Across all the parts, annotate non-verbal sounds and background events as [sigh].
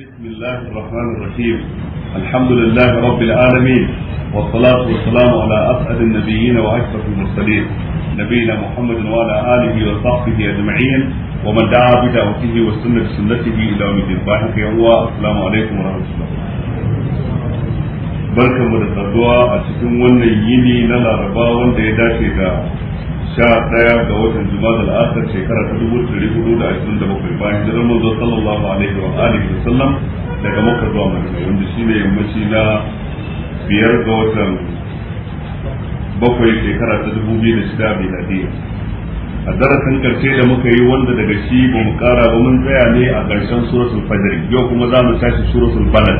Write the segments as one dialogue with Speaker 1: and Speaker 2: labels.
Speaker 1: بسم الله الرحمن الرحيم الحمد لله رب العالمين والصلاة والسلام على أسعد النبيين وأشرف المرسلين نبينا محمد وعلى آله وصحبه أجمعين ومن دعا بدعوته وسنة سنته إلى يوم الدين باحك السلام عليكم ورحمة الله barkan mu da saduwa a cikin wannan yini na laraba wanda ya dace da sha ɗaya ga watan jima'a da shekara ta dubu ɗari hudu da ashirin da bakwai bayan jiran manzo sallallahu alaihi wa alihi wa sallam daga makka zuwa madina wanda ne yammaci na biyar ga watan bakwai shekara ta dubu biyu da shida miladiya a darasin karshe da muka yi wanda daga shi ba mu kara ba mun tsaya ne a ƙarshen suratul fajr yau kuma za mu tashi suratul balad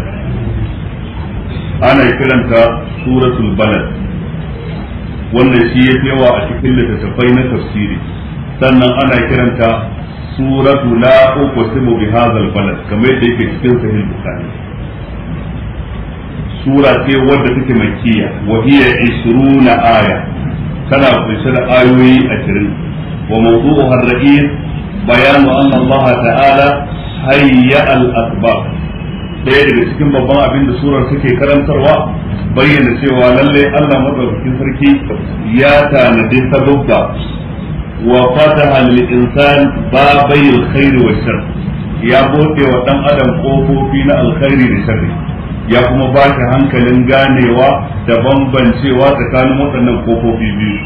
Speaker 1: ana kiranta suratul balad wannan shi ya yawa a cikin littattafai na tafsiri sannan ana kiranta suratu la uqsimu bi hadzal balad kamar yadda yake cikin sahih bukhari sura ce wadda take makkiya wa hiya 20 aya tana kunshe da ayoyi 20 wa mawdu'uha ar-ra'is bayanu anna Allah ta'ala hayya al-asbab daya daga cikin babban abin da surar take karantarwa bayyana cewa lalle Allah madaukakin sarki ya tanadi sababba wa fataha lil insan babai alkhair wa shar ya bude wa dan adam kofofi na alkhairi da sharri ya kuma ba shi hankalin ganewa da bambancewa tsakanin waɗannan kofofi biyu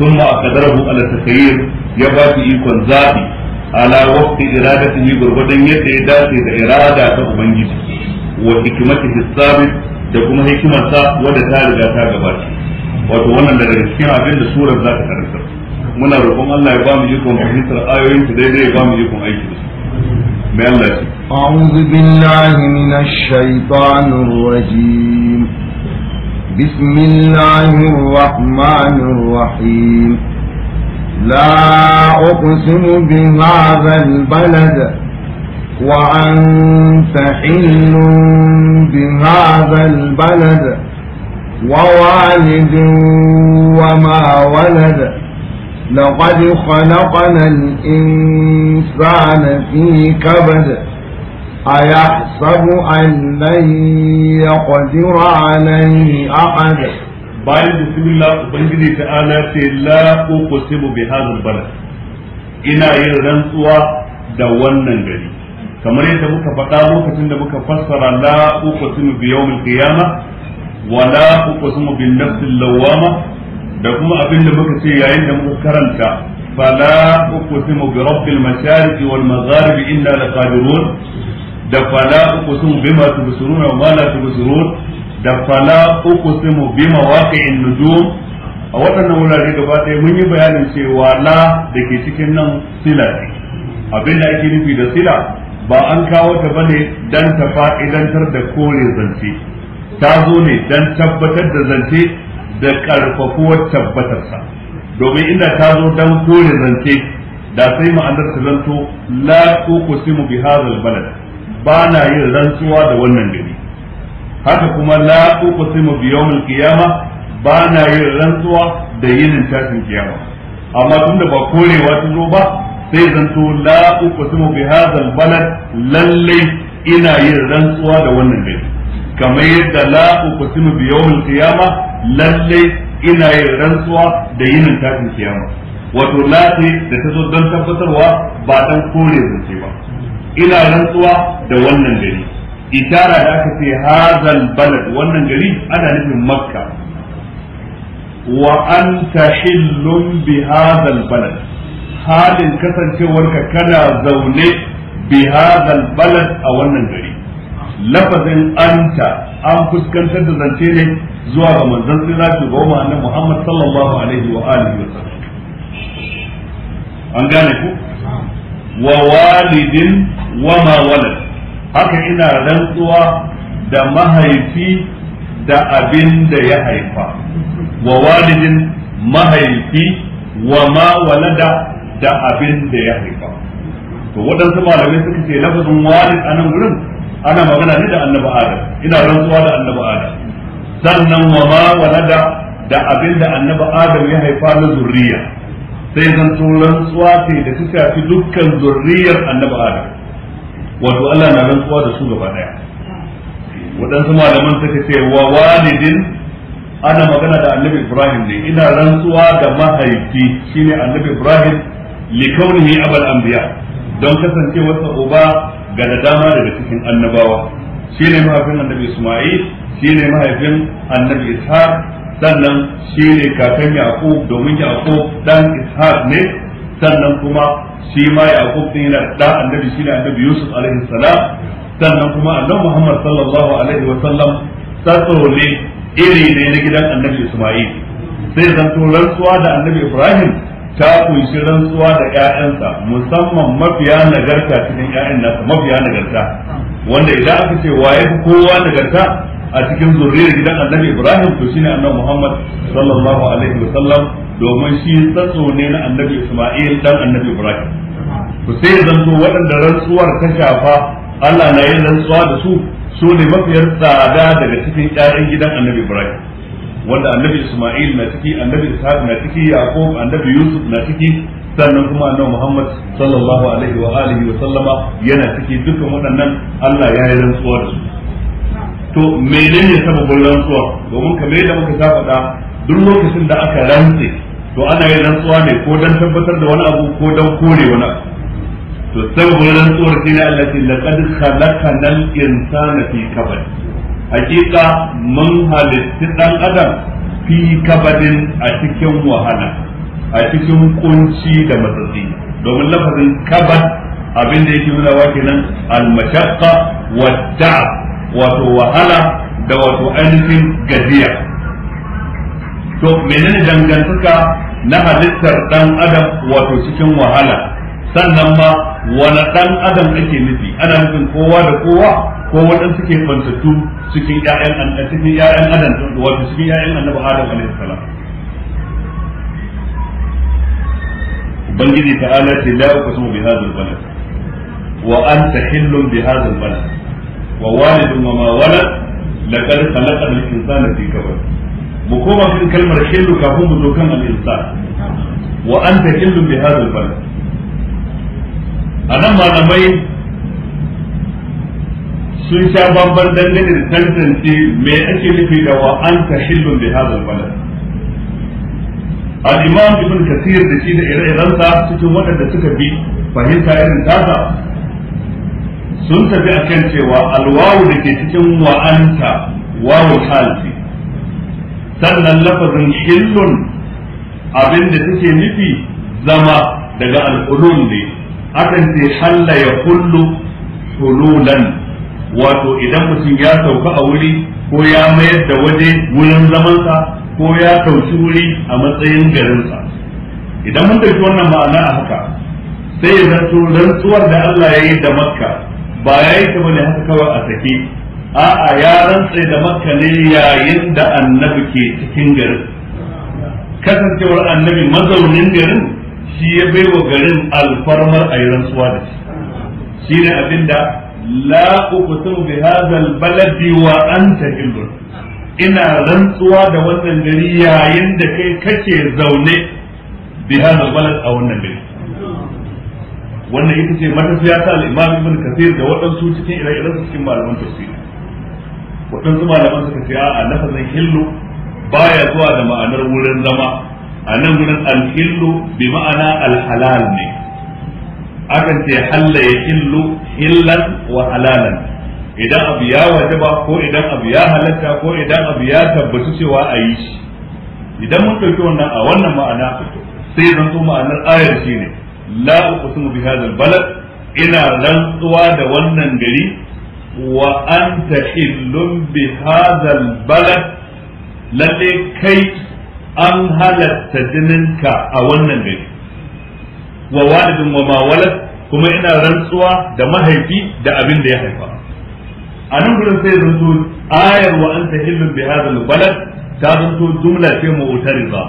Speaker 1: sun ma a kadarahu ala takayir ya ba shi ikon zaɓi ala wafqi iradatihi gurgudan yadda ya dace da irada ta ubangiji wa hikmatihi sabit da kuma hikimarsa wadda ta riga ta gabata wato wannan daga cikin abin da surar za ta karanta muna roƙon Allah ya ba mu ikon fahimtar ayoyin ta daidai ya ba mu ikon aiki da su mai Allah ce
Speaker 2: أعوذ بالله من الشيطان الرجيم بسم الله الرحمن الرحيم لا أقسم بهذا البلد وأنت حل بهذا البلد ووالد وما ولد لقد خلقنا الإنسان في كبد أيحسب أن لن يقدر عليه
Speaker 1: أحد bayan bismillah ubangiji ta'ala ce la uqsimu bi hadhal balad ina yin rantsuwa da wannan gari kamar yadda muka faɗa lokacin da muka fassara la uqsimu bi yawmil qiyamah wa la uqsimu bin nafsil lawwama da kuma abinda muka ce yayin da muka karanta fala uqsimu bi rabbil mashariqi wal magharibi inna laqadirun da fala uqsimu bima tubsiruna wa la tubsirun da fala uqsimu bi in nuju a waɗannan wurare gaba ɗaya mun yi bayanin cewa la da ke cikin nan sila ne abin da ake nufi da sila ba an kawo ta bane dan ta fa'idantar da kore zance ta zo ne dan tabbatar da zance da ƙarfafuwar tabbatarsa domin inda ta zo dan kore zance da sai ma'anar ta zanto la uku simu bi hadha balad ba na yin rantsuwa da wannan gari haka kuma la uqsimu bi yawmil qiyama ba na yin rantsuwa da yinin tashin kiyama amma tunda ba korewa ta zo ba sai zanto la uqsimu bi hadha balad lalle ina yin rantsuwa da wannan gari kamar yadda la uqsimu bi yawmil qiyama lalle ina yin rantsuwa da yinin tashin kiyama wato lati da ta zo don tabbatarwa ba dan kore zance ba ina rantsuwa da wannan gari Itara da aka ce hazal balad wannan gari ana nufin makka wa anta hillun bi hazal balad halin kasancewarka kana zaune bi hazal balad a wannan gari lafazin anta an fuskantar da zance ne zuwa ga manzon tsira shugaban annabi Muhammad sallallahu alaihi wa alihi an gane ku wa walidin wa haka ina rantsuwa da mahaifi da abin da ya haifa wa walidin mahaifi wa ma walada da abin da ya haifa to waɗansu malamai suka ce lafazin walid a nan wurin ana magana ne da annabi adam ina rantsuwa da annabi adam sannan wa ma walada da abin da annabi adam ya haifa na zuriya sai zan rantsuwa ce da su shafi dukkan zurriyar annabi adam wato Allah na rantsuwa da su gaba daya waɗansu malaman suka ce wa walidin ana magana da annabi ibrahim ne ina rantsuwa da mahaifi shine annabi ibrahim kaunihi abal anbiya don kasancewarsa uba ga da dama daga cikin annabawa shine mahaifin annabi isma'il shine mahaifin annabi ishaq sannan shine kakan yaqub domin yaqub dan ishaq ne sannan kuma shi ma yaqub din yana da annabi shi ne annabi yusuf alaihi salam sannan kuma annabi muhammad sallallahu alaihi wa sallam tsaro ne iri ne na gidan annabi isma'il sai zanto rantsuwa da annabi ibrahim ta kunshi rantsuwa da ƴaƴansa musamman mafiya nagarta cikin ƴaƴan nasa mafiya nagarta wanda idan aka ce waye kowa nagarta a cikin zurriyar gidan annabi ibrahim to shine annabi muhammad sallallahu alaihi wa sallam domin shi tsatso ne na annabi Isma'il dan annabi Ibrahim to sai zo waɗanda rantsuwar ta shafa Allah na yin rantsuwa da su su ne mafiyar tsada daga cikin ƴaƴan gidan annabi Ibrahim wanda annabi Isma'il na ciki annabi isa na ciki Yaqub annabi Yusuf na ciki sannan kuma annabi Muhammad sallallahu alaihi wa alihi wa sallama yana ciki dukkan waɗannan Allah ya yi rantsuwa da su to menene sababin rantsuwa domin kamar yadda muka ta faɗa duk lokacin da aka rantse to ana yin rantsuwa ne ko dan tabbatar da wani abu ko dan kore wani abu to sababin rantsuwar shi ne Allah ce laqad khalaqnal insana fi kabad hakika mun halitta dan adam fi kabadin a cikin wahala a cikin kunci da matsatsi domin lafazin kabad abin da yake nuna wake nan al-mashaqqa wa wato wahala da wato ainihin gajiya to menene dangantaka na halittar dan adam wato cikin wahala sannan ma wani dan adam ake nufi ana nufin kowa da kowa ko waɗansu ke fantattu cikin ƴaƴan cikin ƴaƴan adam wato cikin ƴaƴan annabi adam alaihi salam ubangiji ta'ala ce la uqsimu bi hadha al-balad wa anta hillun bi hadha al-balad wa walidun wa ma walad laqad khalaqa al-insana fi kabad mu koma kan kalmar hillu kafin mu zo kan al-insan wa anta hillu bi hadha al-balad anan malamai sun sha babban dangane da tantance me ake nufi da wa anta hillu bi hadha al-balad al-imam ibn kathir da shi da ire-irensa cikin waɗanda suka bi fahimta irin tasa sun tafi akan cewa alwawu da ke cikin wa'anta wawul hal sannan lafazin hillun abinda take nufi zama daga al'ulun ne akan ce halla ya kullu hululan wato idan mutum ya sauka a wuri ko ya mayar da waje wurin zamansa ko ya ɗauki wuri a matsayin garinsa idan mun ɗauki wannan ma'ana a haka sai ya zanto rantsuwar da Allah ya yi da makka ba ya yi ta bane haka kawai a sake a'a ya rantsa da makka ne yayin da annabi ke cikin garin kasancewar annabi mazaunin garin shi ya baiwa garin alfarmar a yi rantsuwa da shi shi ne abinda la uqsimu bi hadha albaladi wa anta hillun ina rantsuwa da wannan gari yayin da kai kake zaune bi hadha a wannan gari wannan ita ce matafiya ta al-imam ibn kathir da waɗansu cikin ire-iren cikin malaman tafsiri waɗansu malaman suka ce a zan hillu baya zuwa da ma'anar wurin zama a nan wurin alhillu bi ma'ana alhalal ne akan ce halla ya hillu hillan wa halalan idan abu ya wajaba ko idan abu ya halatta ko idan abu ya tabbata cewa a yi shi idan mun ɗauki wannan a wannan ma'ana sai zan so ma'anar ayar shi ne la uqsimu bi hadha balad ina rantsuwa da wannan gari wa anta hillun bi hadhal balad lalle kai an halatta jininka a wannan gari wa walidin wa ma walad kuma ina rantsuwa da mahaifi da abin da ya haifa a nan gurin sai zanto ayar wa anta hillun bi hadhal balad ta zanto jumla ce ba.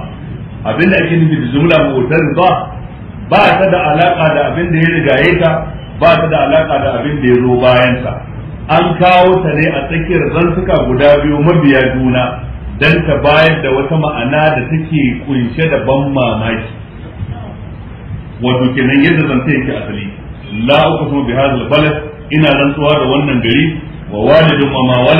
Speaker 1: abin da ake nufi da jumla mu'tariza ba ta da alaka da abin da ya rigaye ta ba ta da alaka da abin da ya zo bayan ta an kawo ta ne a tsakiyar zantuka guda biyu mabiya juna don ta bayar da wata ma'ana da take kunshe da ban mamaki wato kenan yadda zanta yake asali la uqsimu bi hadha balad ina rantsuwa da wannan gari wa walidin wa ma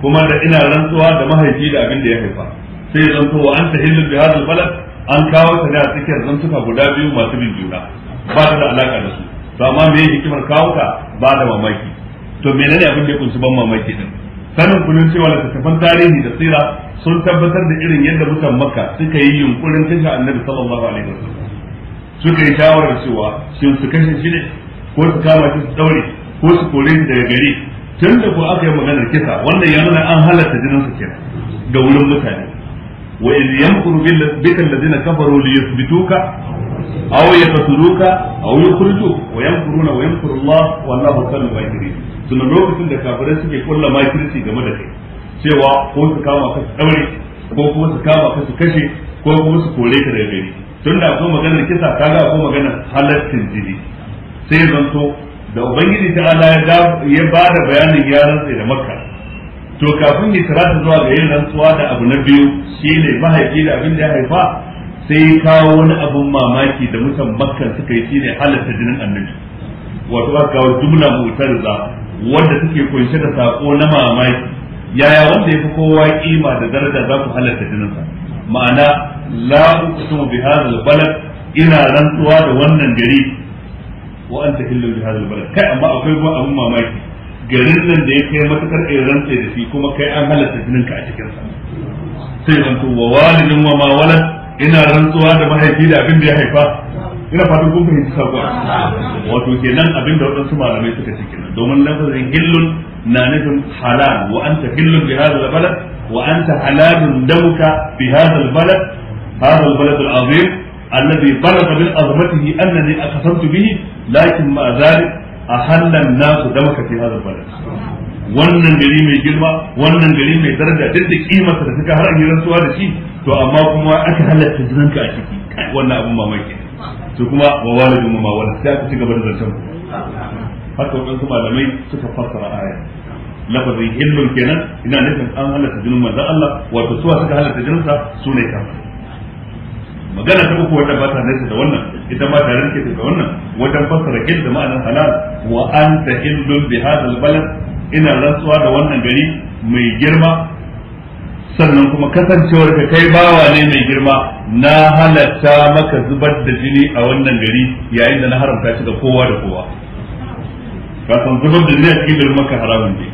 Speaker 1: kuma da ina rantsuwa da mahaifi da abin da ya haifa sai zanto wa anta hillu bi hadha balad an kawo ta ne a tsakiyar zantuka guda biyu masu bin juna ba ta da alaka da su to amma me hikimar kawo ta ba da mamaki to menene abin da ya kunshi ban mamaki din sanin kunin cewa littattafan tarihi da tsira sun tabbatar da irin yadda mutan makka suka yi yunkurin kashe annabi sallallahu alaihi wasallam suka yi shawarar cewa shin su kashe shi ne ko su kama shi su daure ko su kore shi daga gari tun da ko aka yi maganar kisa wannan ya nuna an halarta jinin su kenan ga wurin mutane wa idh yamkuru bika ladina kafaru li aw yaqtuluka aw yukhruju wa yanfuruna wa yanfuru Allah wallahu khairul makirin tun lokacin da kafirai suke kulla makirci game da kai cewa ko su kama ka daure ko kuma su kama ka kashe ko kuma su kore ka daga gari da akwai maganar kisa kaga akwai maganar halattin jini sai zanto da ubangiji ta ala ya ba da bayanin ya rantsa da makka to kafin ya tirata zuwa ga yin rantsuwa da abu na biyu shine mahaifi da abin da ya haifa sai kawo wani abun mamaki da mutan makka suka yi shine halatta jinin annabi wato aka kawo jumla mutarza wanda suke kunshe da sako na mamaki yaya wanda yafi kowa kima da daraja za ku halatta jinin sa ma'ana la uqsimu bi hadha al-balad ina rantsuwa da wannan gari wa anta hillu bi hadha balad kai amma akwai ba abun mamaki garin nan da ya kai matakar in rantsa da shi kuma kai an halatta jinin ka a cikin sa sai zanto wa walidin wa ma walad ina rantsuwa da mahaifi da abin da ya haifa ina fatan kun fahimci sakon wato kenan abin da waɗansu malamai suka ce kenan domin lafazin hillun na nufin halal wa anta hillun bi hadha albalad wa anta halalun damuka bi hadha albalad hadha albalad alazim alladhi balagha min azmatihi annani aqsamtu bihi lakin ma zalik ahalla an-nas damuka fi hadha wannan gari mai girma wannan gari mai daraja duk da kimarsa da suka har an rantsuwa da shi to amma kuma aka halatta junanka a ciki wannan abin mamaki su kuma wa walidin ma wala sai aka ci gaba da zancen haka wadansu malamai suka fassara aya lafazin hillun kenan ina nufin an halatta jinin manzon Allah wato suwa suka halatta sa su ne kafir magana ta uku wanda ba ta nesa da wannan ita ma tare da wannan wajen fassara kin da ma'anar halal wa anta hillun bi hadal balad ina rantsuwa da wannan gari mai girma sannan kuma kasancewar ka kai bawa ne mai girma na halatta maka zubar da jini a wannan gari yayin da na haramta shi ga kowa da kowa ka san zubar da jini a cikin makka haramun ne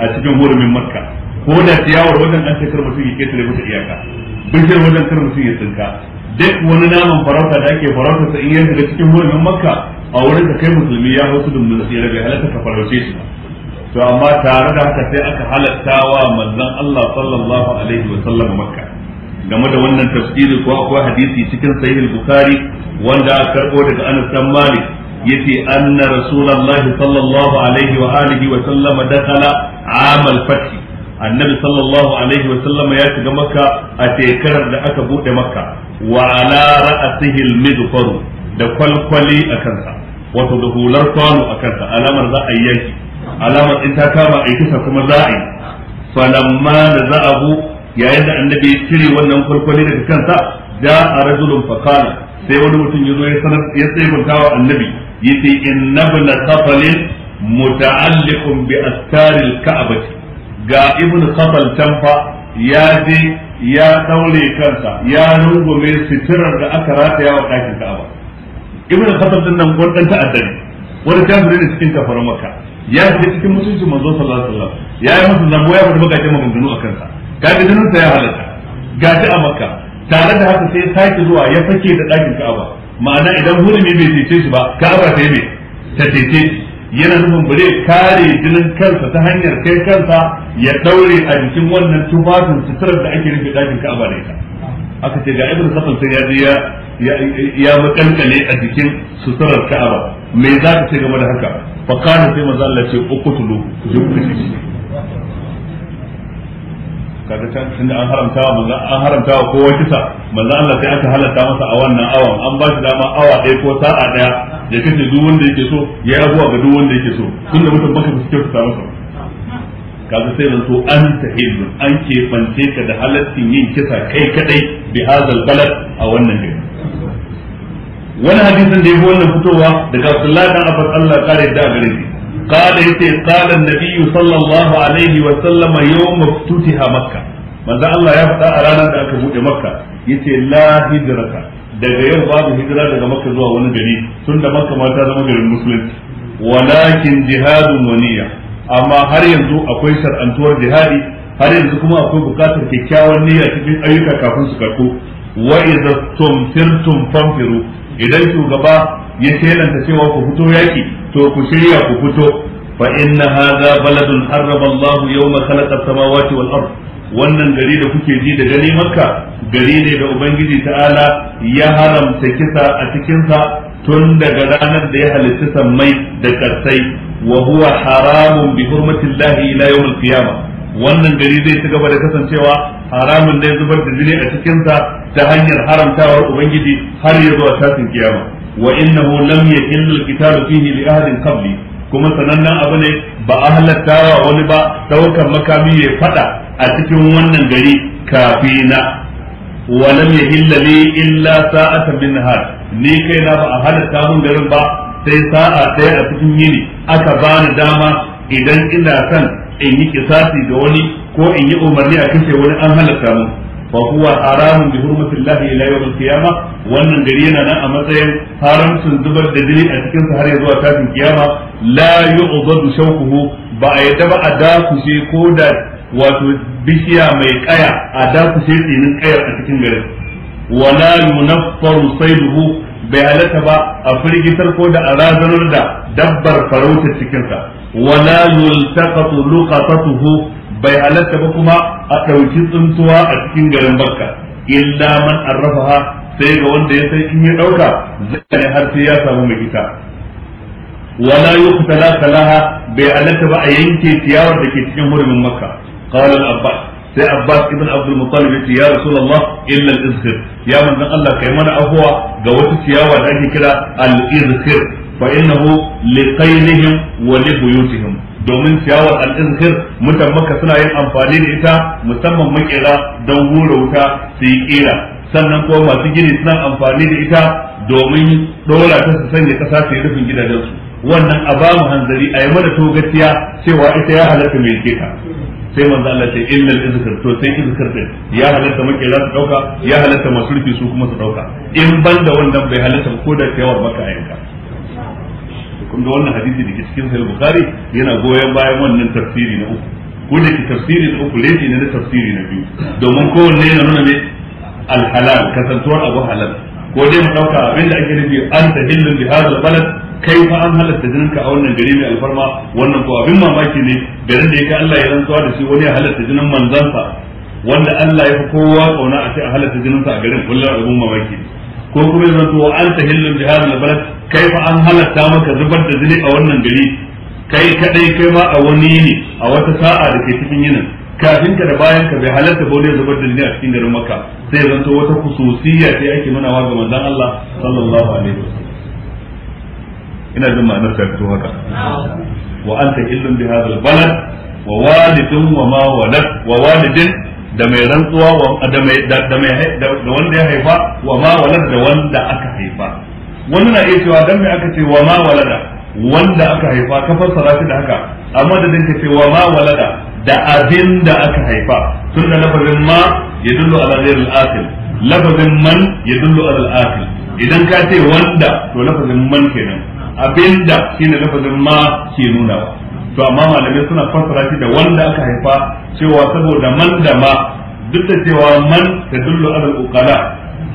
Speaker 1: a cikin hurumin makka ko da ciyawar wajen an shekar mutum ya ketare mata iyaka bishiyar wajen kar mutum ya tsinka duk wani naman farauta da ake farauta sa in yanka da cikin hurumin makka a wurin ka kai musulmi ya hau su dundun ya bai halatta ka farauce shi ba to amma tare da haka sai aka halatta wa manzon Allah sallallahu alaihi wa sallam makka game da wannan tafsiri ko akwai hadisi cikin sahih al-bukhari wanda aka karbo daga Anas bin Malik yace anna rasulullahi sallallahu alaihi wa alihi wa sallam dakhala am al-fath annabi sallallahu alaihi wa sallam ya shiga makka a shekarar da aka bude makka wa ala ra'sihi al-midfaru da kwalkwali a kansa wato da hular kwano a kansa alamar za a yi yaki alamar in ta kama a kisa kuma za a yi falamma da bu yayin da annabi ya cire wannan kwalkwali daga kansa da a rajulun fakana sai wani mutum ya zo ya sanar ya tsaibanta wa annabi yace innabu la safalin muta'alliqun bi astaril ka'bati ga ibnu safal tanfa ya je ya daure kansa ya rungume sitirar da aka rataya wa ɗakin ka'aba ibnu safal din nan gwandan ta'addari wani kafiri ne cikin kafaran makka ya shiga cikin mutuncin manzo sallallahu alaihi wasallam ya yi masa zango ya fadi bakakken maganganu a kansa kaga jinin sa ya halarta gashi a makka tare da haka sai ya sake zuwa ya fake da dakin ka'aba ma'ana idan hulumi bai cece shi ba ka'aba sai bai ta cece yana nufin bare kare jinin kansa ta hanyar kai kansa ya daure a jikin wannan tufafin suturar da ake rufe dakin Ka'aba da ita aka ce ga Ibn Safan sai ya je ya ya makankale a jikin suturar ka'aba me za ka ce game da haka fa kana sai manzo Allah ce uqtulu je ku kaga can tunda an haramta wa manzo an haramta wa kowa kisa manzo Allah sai aka halatta masa a wannan awan an ba shi dama awa ɗaya ko sa'a ɗaya ya kace duk wanda yake so ya abuwa ga duk wanda yake so tunda mutum baka fuskar ta masa kaga sai nan so an tahillun an ke fance ka da halaccin yin kisa kai kadai bi hadal balad a wannan gari wani hadisin da fi wannan fitowa daga Abdullah dan Abbas Allah kare da gare shi قال يتي قال النبي sallallahu alaihi wa وسلم yawm افتتح مكة manzo Allah ya fada a ranar da aka buɗe Makka yace la hijrata daga yau babu hijira daga Makka zuwa wani gari tunda Makka ma ta zama garin musulunci walakin jihadun waniya amma har yanzu akwai shar'antuwar jihadi har yanzu kuma akwai bukatar kyakkyawar niyya cikin ayyuka kafin su karko wa idza tumtirtum fanfiru idan shugaba ya shelanta cewa ku fito yaki to ku shirya ku fito fa inna hadha baladun harrama Allah yawma khalaqa samawati wal ard wannan gari da kuke ji da gani makka gari ne da ubangiji ta'ala ya haramta kisa a cikin sa tun daga ranar da ya halitta sammai da karsai wa huwa haramun bi hurmatillahi ila yawm al wannan gari zai ci gaba da kasancewa haramun ne zubar da jini a cikinsa ta hanyar haramtawar ubangiji har ya zuwa tashin kiyama wa innahu lam yahillu al fihi li ahadin qabli kuma sanannen abu ne ba a halattawa wani ba daukan makami ya fada a cikin wannan gari kafina wa lam yahilla li illa sa'atan min har ni kai na ba a halatta mun garin ba sai sa'a ɗaya a cikin yini aka bani dama idan ina san in yi kisasi da wani ko in yi umarni a kashe wani an halatta mu fa huwa haramun bi hurmatillahi ila yawm al-qiyama wannan gari yana nan a matsayin haramcin zubar da jini a cikin sa har ya zuwa tashin kiyama la yu'dadu shawquhu ba a yadda ba a dakushe ko da wato bishiya mai kaya a dakushe tsinin kayar a cikin garin wala yunaffaru sayduhu bai halatta ba a firgitar ko da a razanar da dabbar farauta cikin cikinsa wala yultaqatu luqatatuhu bai halatta ba kuma a ɗauki tsuntuwa a cikin garin Makka. illa man arrafaha sai ga wanda ya san in ya ɗauka zai ne har sai ya samu mai ita wala yuqtala salaha bai halatta ba a yanke ciyawar da ke cikin hurumin makka qala al-abbas sai Abbas ibn Abdul Muttalib yace ya Rasulullah illa al-izhir ya manzon Allah kai mana afuwa ga wata ciyawa da ake kira al-izhir fa innahu liqainihim wa libuyutihim domin ciyawar al'izhir mutan makka suna yin amfani da ita musamman makera don hura wuta su yi kira sannan kuma masu gini suna amfani da ita domin dora ta su sanya kasa su yi rufin gidajensu wannan a ba hanzari a yi mana togaciya cewa ita ya halatta mai keka sai manzo Allah ce al izkar to sai izkar din ya halatta maƙera su dauka ya halatta masu rufi su kuma su dauka in ban da wannan bai halatta ko da ciyawar baka yanka kun ga wannan hadisi da ke cikin sahih bukhari yana goyon bayan wannan tafsiri na uku ko da ke tafsiri na uku laifi ne na tafsiri na biyu domin kowanne yana nuna ne alhalal kasantuwar abu halal ko dai mu dauka abin da ake nufi an tahillun bi hadha balad kai fa an halatta jininka a wannan gari mai alfarma wannan ko abin mamaki ne garin da yake Allah ya rantsuwa da shi wani ya halatta jinin manzansa wanda Allah ya fi kowa kauna a ce a halatta jininsa a garin kullum abin mamaki ne ko kuma yanzu to an tahillu bi hadha al kai fa an halatta maka zubar da jini a wannan gari kai kadai kai ma a wani ne a wata sa'a da ke cikin yinin kafin ka da bayan ka bai halatta ba zubar da jini a cikin garin makka sai zanto wata khususiyya sai ake nunawa ga manzon Allah sallallahu alaihi wasallam ina jin ma'anar ta fito haka wa anta illun bi hadha al-balad wa walidun wa ma walad wa walidin da mai rantsuwa da mai da mai da wanda ya haifa wa ma walad da wanda aka haifa wani na iya cewa dan mai aka ce wa ma walada wanda aka haifa ka fassara shi da haka amma da dinka ce wa ma walada da abin da aka haifa tun da lafazin ma ya dullu ala ghairi al lafazin man ya dullu ala al idan ka ce wanda to lafazin man kenan abinda shine lafazin ma ke nuna to amma malamai suna fassara shi da wanda aka haifa cewa saboda man da ma duk da cewa man ta dullu ala ukala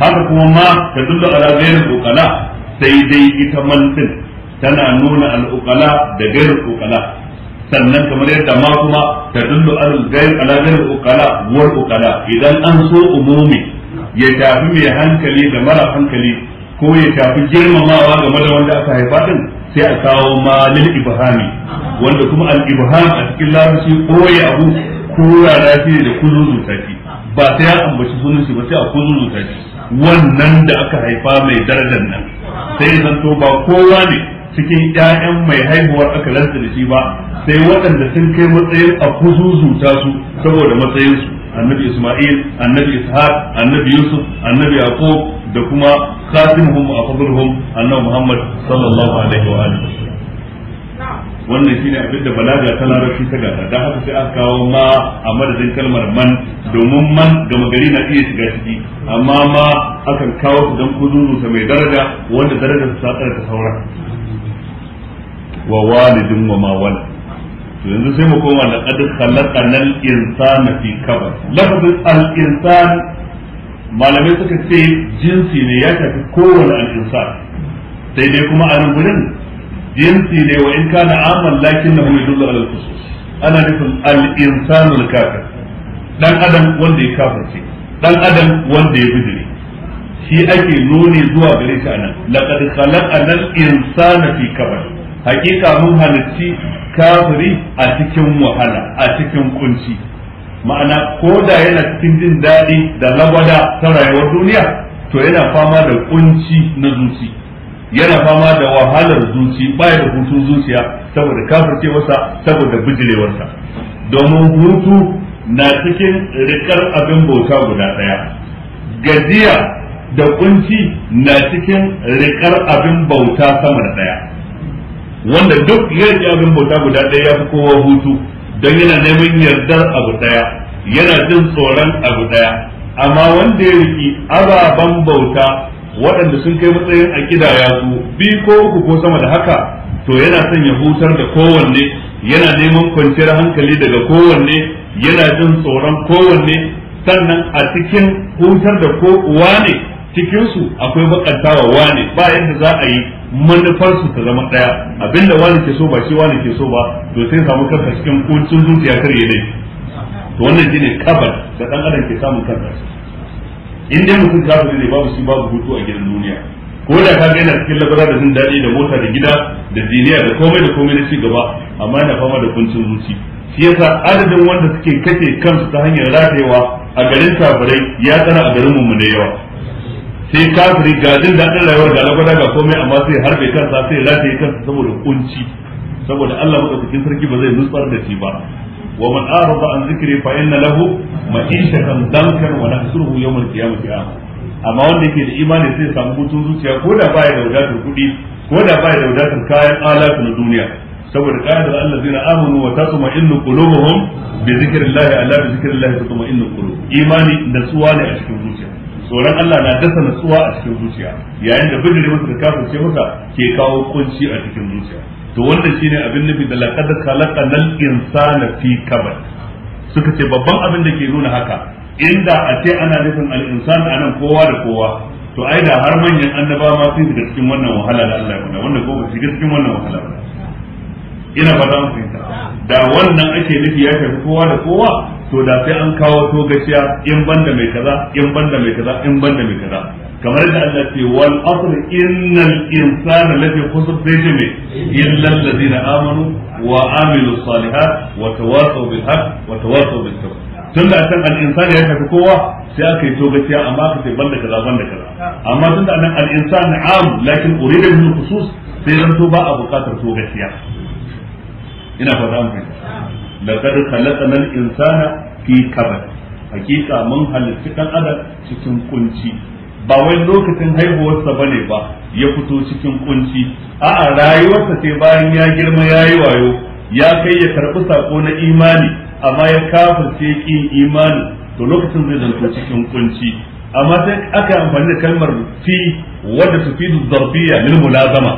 Speaker 1: haka kuma ma ta dullu ala gairin ukala sai dai ita man din tana nuna al ukala da gairin ukala sannan kamar yadda ma kuma ta dullu ala gairin ala gairin ukala war ukala idan an so umumi ya tafi mai hankali da mara hankali ko ya tafi girmamawa game da wanda aka haifa din sai a kawo ma lil ibhami wanda kuma al a cikin larabci koyi abu kura rafi da kuzuzu tafi ba ta ya ambaci sunan shi ba sai a kuzuzu wannan da aka haifa mai darajar nan sai zan to ba kowa ne cikin ƴaƴan mai haihuwar aka lantsa da shi ba sai waɗanda sun kai matsayin a kuzu ta su saboda matsayinsu annabi isma'il annabi ishaq annabi yusuf annabi yaqub da kuma khatimuhum wa afdaluhum annabi muhammad sallallahu alaihi wa alihi wannan shi ne abinda balaga ta larabci ta gada da haka sai aka kawo ma a madadin kalmar man domin man gama gari na iya shiga ciki amma ma akan kawo su don kuzuru ta mai daraja wanda daraja su sa tsara ta saura wa walidin wa ma wani. to yanzu sai mu koma da qad khalaqana al insana fi kabad lafazin al insan malamai suka ce jinsi ne ya tafi kowane al insan sai dai kuma a nan gurin jinsi ne wa in kana amal lakinnahu yadullu ala al-khusus ana nufin al-insanu al dan adam wanda ya kafirce dan adam wanda ya bijire shi ake nuni zuwa gare shi anan laqad khalaqana al-insana hakika mun halitti kafiri a cikin wahala a cikin kunci ma'ana ko da yana cikin jin daɗi da lagwada ta rayuwar duniya to yana fama da kunci na zuci yana fama da wahalar zuci baya da hutu zuciya saboda kafircewarsa saboda bijirewarsa domin hutu na cikin rikar abin bauta guda daya gajiya da kunci na cikin rikar abin bauta sama da daya wanda duk ya abin bauta guda daya ya fi kowa hutu don yana neman yardar abu daya yana jin tsoron abu daya amma wanda ya riki ababen bauta waɗanda sun kai matsayin a kidaya su bi ko uku ko sama da haka to yana son ya hutar da kowanne yana neman kwanciyar hankali daga kowanne yana jin tsoron kowanne sannan a cikin hutar da ko wane cikin su akwai bakantawa wane ba yadda za a yi manufar ta zama ɗaya abinda wani ke so ba shi wani ke so ba to sai samu kansa cikin kuncin zuciya kar ya dai to wannan shine kabar da ɗan adam ke samun kansa in dai mutum kafiri ne babu shi babu hutu a gidan duniya ko da ka ga yana cikin labara da jin daɗi da mota da gida da duniya da komai da komai na ci gaba amma yana fama da kuncin zuci shi yasa adadin wanda suke kace kansu ta hanyar ratayewa a garin safarai ya tsara a garin mu da yawa sai kafiri ga jin daɗin rayuwar da labara ga komai amma sai harbe kansa sai rataye kansa saboda kunci saboda Allah madaukakin sarki ba zai nutsar da shi ba ومن أعرض عن ذكري فإن له معيشة ضنكا ونحشره يوم القيامة أعمى amma wanda yake da imani sai samu hutun zuciya ko da baya da wadatar kuɗi ko da baya da wadatar kayan alatu na duniya saboda qa'idar allazina amanu wa tatma'innu qulubuhum bi zikrillahi imani da ne a cikin zuciya tsoron Allah na dasa natsuwa a cikin zuciya yayin da bijire masa da kafirce masa ke kawo kunci a cikin zuciya to wannan shine abin nufi da laqad al insana fi kabad suka ce babban abin da ke nuna haka inda a ce ana nufin al insan anan kowa da kowa to ai da har manyan annaba ma sun shiga cikin wannan wahala da Allah ya kuna wannan ko ba shiga cikin wannan wahala ba ina ba za mu fita. da wannan ake nufi ya shafi kowa da kowa to da sai an kawo to gashiya in banda mai kaza in banda mai kaza in banda mai kaza kamar da Allah ce wal asr innal insana lafi khusr sai ce me illa allazina amanu wa amilu salihat wa tawasaw bil haqq wa tawasaw bis sabr tun da can al-insani ya tafi kowa sai aka yi togaciya amma aka ce banda kaza banda kaza amma tun da anan al-insani am lakin urida min khusus sai zanto ba a bukatar togaciya ina fata an fahimta laqad khalaqna al-insana fi kabad hakika mun halitta dan adam cikin kunci ba wai lokacin haihuwarsa ba ne ba ya fito cikin kunci a'a rayuwarsa sai bayan ya girma ya yi wayo ya kai ya karɓi sako na imani amma ya kafirce kin imani to lokacin zai zanto cikin kunci amma sai aka amfani da kalmar fi wadda su fi zarfiya min mulazama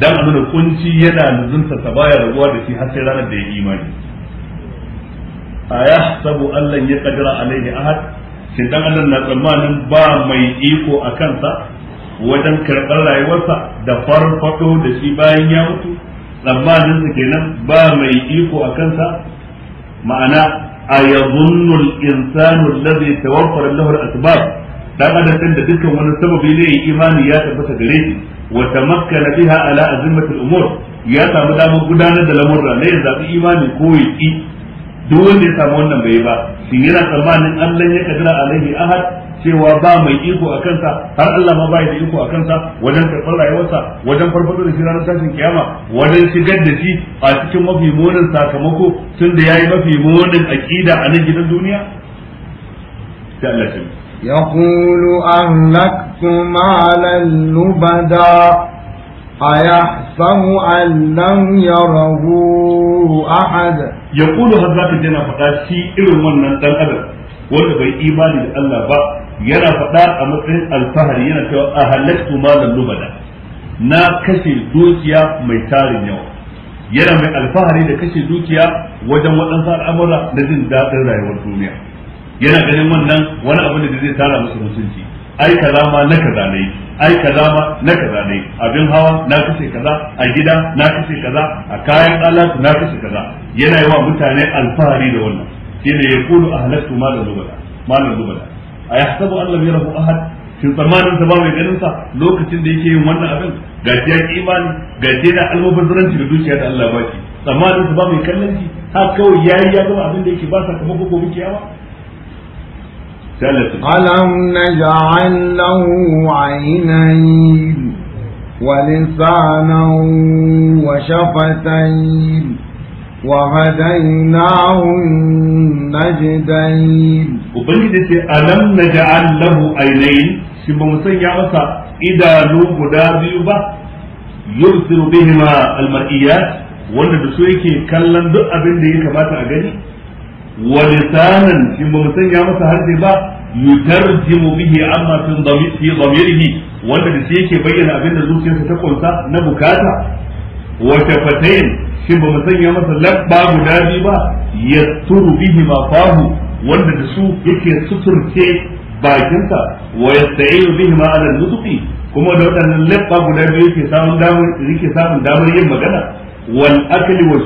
Speaker 1: dan a nuna kunci yana nuzunta ta baya rabuwa da shi har sai ranar da ya imani a sabu allan ya kadira alaihi ahad shin dan adam na tsammanin ba mai iko a kansa wajen karɓar rayuwarsa da farfaɗo da shi bayan ya mutu tsammaninsa kenan ba mai iko a kansa ma'ana a yazunnu al-insanu alladhi tawaffara lahu al-asbab dan adam din da dukkan wani sababi ne imani ya tabbata gare shi wa tamakkana biha ala azimati al-umur ya samu damar gudanar da lamurra ne ya zabi imani ko ya duk wanda ya samu wannan bai ba shin yana tsammanin Allah ya kadira alaihi ahad cewa ba mai iko a kansa har Allah ma ba da iko a kansa wajen karɓar rayuwarsa wajen farfaɗo da shi ranar tashin kiyama wajen shigar da shi a cikin mafi munin sakamako tun da yayi mafi munin aqida a nan gidan duniya sai Allah ya
Speaker 2: يقول أهلكت مالا لبدا
Speaker 1: أيحسب أن لم يره أحد يقول هذا الجنة فقال شيء إرمان من تنقل wanda bai imani da Allah ba yana faɗa a matsayin alfahari yana cewa a halaktu malam lubada na kashe dukiya mai tarin yawa yana mai alfahari da kashe dukiya wajen waɗansu al'amura da jin daɗin rayuwar duniya yana ganin wannan wani abu da zai tara masa mutunci ai kaza ma na kaza ne ai kaza ma na kaza ne abin hawa na kace kaza a gida na kace kaza a kayan alatu na kace kaza yana yawa mutane alfahari da wannan shine ya kulu ahlatu da zubada da zubada a hasabu an lam yarahu ahad shi tsammanin sa ba mai ganin sa lokacin da yake yin wannan abin ga ya imani ga da almubazzaranci da dukiya da Allah baki tsammanin sa ba mai kallon shi har kawai yayi ya gama abin da yake ba sa kuma gobe kiyawa ألم
Speaker 2: نجعل له عينين ولسانا وشفتين وهديناه
Speaker 1: النجدين وبنجد ألم نجعل له عينين شبه مسيح مسا إذا نوب دابي با يرسل بهما المرئيات وانا da su yake kallon duk abin da ya wa lisanan shin ba mu sanya masa harshe ba yutarjimu bihi amma fi dhamiri dhamirihi wanda da shi bayyana abin da zuciyarsa ta kunsa na bukata wa shafatayn shin ba mu sanya masa labba guda biyu ba yasturu bihi ma fahu wanda da su yake suturce bakinsa wa yasta'inu bihi ma ala nutqi kuma da waɗannan labba guda biyu yake samun damar yin magana wal akli wa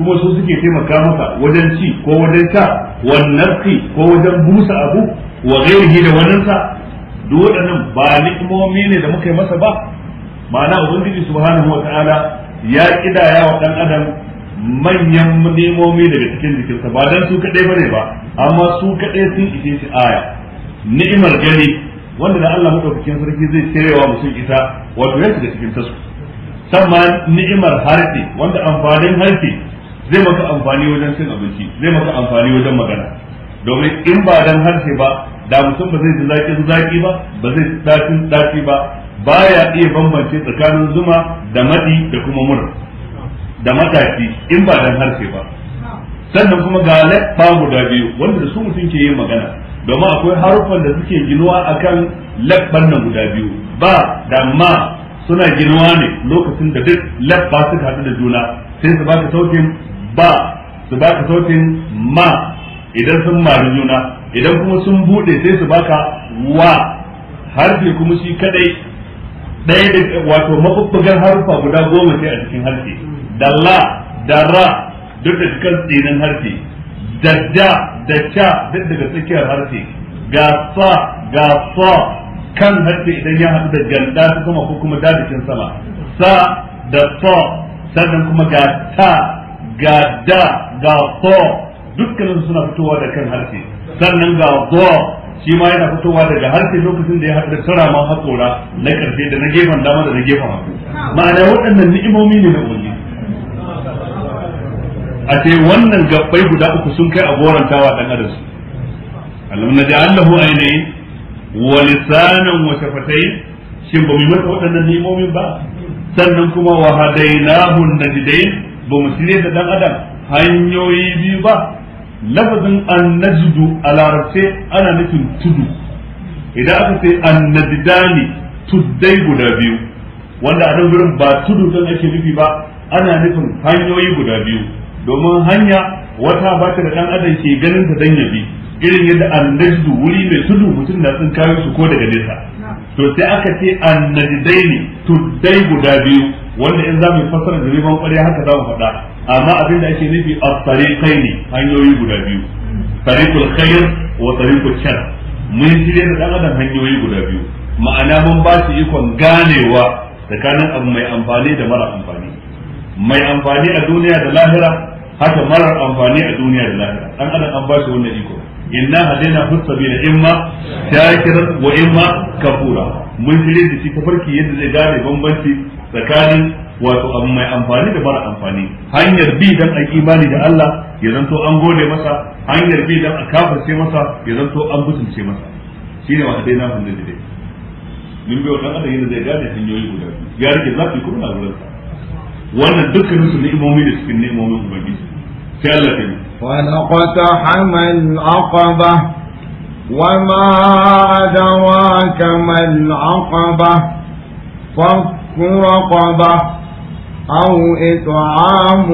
Speaker 1: kuma su suke taimaka maka wajen ci ko wajen ta wannan ci ko wajen busa abu wa gairi da wannan sa duk waɗannan ba ni'imomi ne da muka yi masa ba ma'ana ubangiji subhanahu wata'ala ya kidaya wa dan adam manyan ni'imomi daga cikin jikinsa ba dan su kadai bane ba amma su kadai sun ishe shi aya ni'imar gani wanda da Allah madaukakin sarki zai cirewa musu ita wato ya da cikin tasu sannan ni'imar harfi wanda amfanin harfi zai maka amfani wajen cin abinci zai maka amfani wajen magana domin in ba dan harshe ba da mutum ba zai ji zakin zaki ba ba zai ji ɗacin ba baya iya bambance tsakanin zuma da madi da kuma mur da mataki in ba dan harshe ba sannan kuma ga ba guda biyu wanda da su mutum ke yin magana domin akwai haruffan da suke ginuwa akan laɓɓan nan guda biyu ba da ma suna ginuwa ne lokacin da duk laɓɓa suka haɗu da juna sai su ba baka sautin ba su baka sautin ma idan sun mari juna idan kuma sun bude sai su baka wa harfe kuma shi kadai ɗaya da wato mabubbugan harfa guda goma sai a cikin harfe Dalla, darra duk da cikin tsinin harfe da ja da duk daga tsakiyar harfe gasa gasa kan harfe idan ya haɗu da ganda ta sama ko kuma dadakin sama sa da sa sannan kuma gata. ga da ga ko dukkanin suna fitowa da kan harfe sannan ga zo shi ma yana fitowa daga harshe lokacin da ya haɗu da sarama haƙura na ƙarfe da na gefen dama da na gefen hagu ma'ana waɗannan ni'imomi ne na ubangiji a ce wannan gabbai guda uku sun kai a gorantawa dan adam su alam na ja'allahu ainihi wa lisanan wa shafatai shin ba mu masa waɗannan niimomi ba sannan kuma wa hadainahu najdain ba mu shirye da dan adam hanyoyi biyu ba lafazin annajdu a larabce ana nufin tudu idan aka ce annajdani tuddai guda biyu wanda a nan ba tudu don ake nufi ba ana nufin hanyoyi guda biyu domin hanya wata ba ta da dan adam ke ganin ta dan yabi irin yadda annajdu wuri mai tudu mutum na tsin kayo su ko daga nesa to sai aka ce annajdaini tuddai guda biyu wanda in za mu fassara direban ƙwarya haka za mu faɗa amma abin da ake nufi a tariƙai ne hanyoyi guda biyu tariƙul khair wa tariƙul shar mun shirya da ɗan adam hanyoyi guda biyu ma'ana mun ba su ikon ganewa tsakanin abu mai amfani da mara amfani mai amfani a duniya da lahira haka marar amfani a duniya da lahira ɗan adam an ba shi wannan iko inna hadaina fi sabila imma shakir wa imma kafura mun shirya da shi tafarki yadda zai gane bambanci tsakanin wato abu mai amfani da mara amfani hanyar bi dan a imani da Allah ya zanto an gode masa hanyar bi dan a kafirce masa ya zanto an butulce masa shine wata dai na hundun da dai mun bi wannan adam yadda zai gane hanyoyi guda ya rike zafi kuma na wurin sa wannan dukkanin su ni'imomi da cikin ni'imomin ubangiji sai Allah ta yi
Speaker 2: wa naqtaha aqaba wa ma adraka mal aqaba رقبة أو إطعام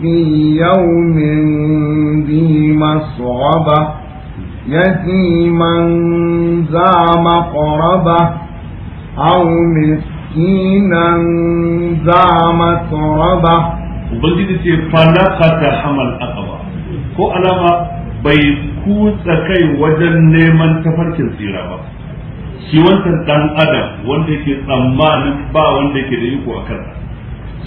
Speaker 2: في يوم ذي مسغبة يتيما ذا مقربة أو مسكينا
Speaker 1: ذا متربة وبلدي تي فلقة حمل أقبة ko alama bai kutsa kai wajen neman tafarkin tsira ba shi wancan dan adam wanda yake tsammanin ba wanda yake da iko a kansa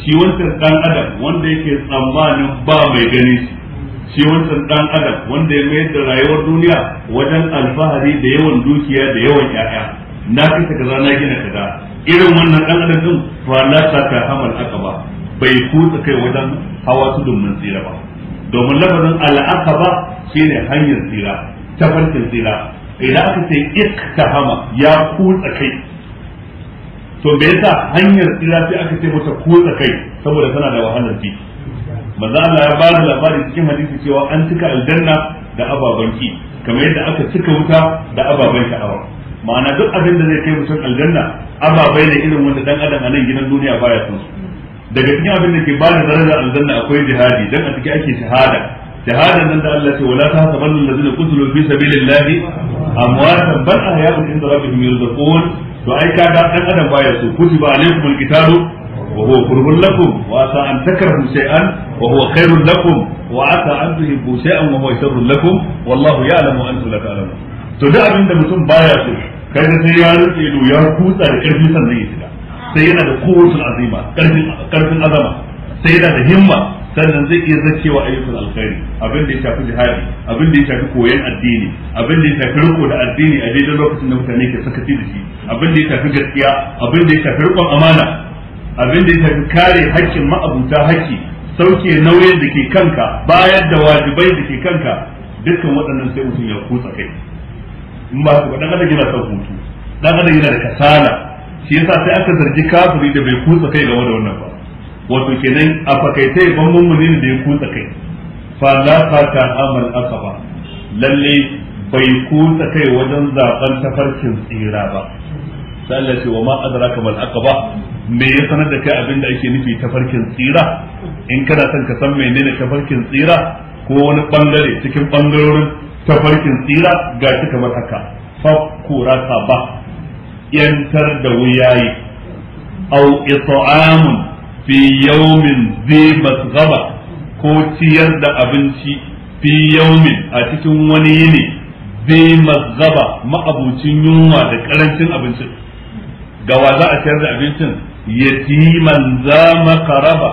Speaker 1: shi wancan dan adam wanda yake tsammanin ba mai gani shi shi wancan dan adam wanda ya mayar da rayuwar duniya wajen alfahari da yawan dukiya da yawan yaya na fi ta kaza na gina da, irin wannan dan adam din fa la ta ka hamal akaba bai kutsa kai wajen hawa su mun tsira ba domin lafazin al'aqaba shine hanyar tsira tafarkin tsira idan aka ce hama ya kutsa kai to me yasa hanyar tsira sai aka ce mata kutsa kai saboda tana da wahalar ciki manzo Allah ya ba da labari cikin hadisi cewa an cika aljanna da ababen ki kamar yadda aka cika wuta da ababen sha'awa ma'ana duk abin da zai kai mutum aljanna ababai ne irin wanda dan adam a nan gidan duniya baya son su daga cikin abin da ke ba da darajar aljanna akwai jihadi dan a ciki ake shahada shahadan nan da Allah ce wala tahsabanna allazina qutilu fi sabilillahi amwatan bal ahya'un inda rabbihim yurzaqun to ai kaga dan adam baya so kutiba alaykumul qitalu wa huwa qurbun lakum wa asa an takrahu shay'an wa huwa khairun lakum wa asa an tuhibbu shay'an wa huwa sharrun lakum wallahu ya'lamu antum la to da abin da mutum baya so kai sai ya rike do ya kutsa da sannan ya shiga sai yana da kowace azima karfin karfin azama sai yana da himma sannan zai iya zacewa ayyukan alkhairi abin da ya shafi jihadi abin da ya shafi koyon addini abin da ya shafi riko da addini a daidai lokacin da mutane ke sakaci da shi abin da ya shafi gaskiya abin da ya shafi rikon amana abin da ya shafi kare haƙƙin ma'abuta haƙƙi sauke nauyin da ke kanka bayar da wajibai da ke kanka dukkan waɗannan sai mutum ya kutsa kai in ba su ba ɗan adam yana son hutu ɗan adam yana da kasala shi yasa sai aka zargi kafiri da bai kutsa kai game da wannan ba wato kenan a fakaitai bambam mu da ya kutsa kai fa la fata amal asaba lalle bai kutsa kai wajen zaben tafarkin tsira ba sai Allah ce wa ma adraka mal aqaba me ya sanar da kai abinda ake nufi tafarkin tsira in kana son ka san menene tafarkin tsira ko wani bangare cikin bangarorin tafarkin tsira ga shi kamar haka fakkuraka ba yantar da wuyayi au it'amun fi yawmin zai masgaba ko ciyar da abinci fi yawmin a cikin wani yini zai masgaba ma'abucin yunwa da karancin abincin ga wa za a ciyar da abincin yatiman za makaraba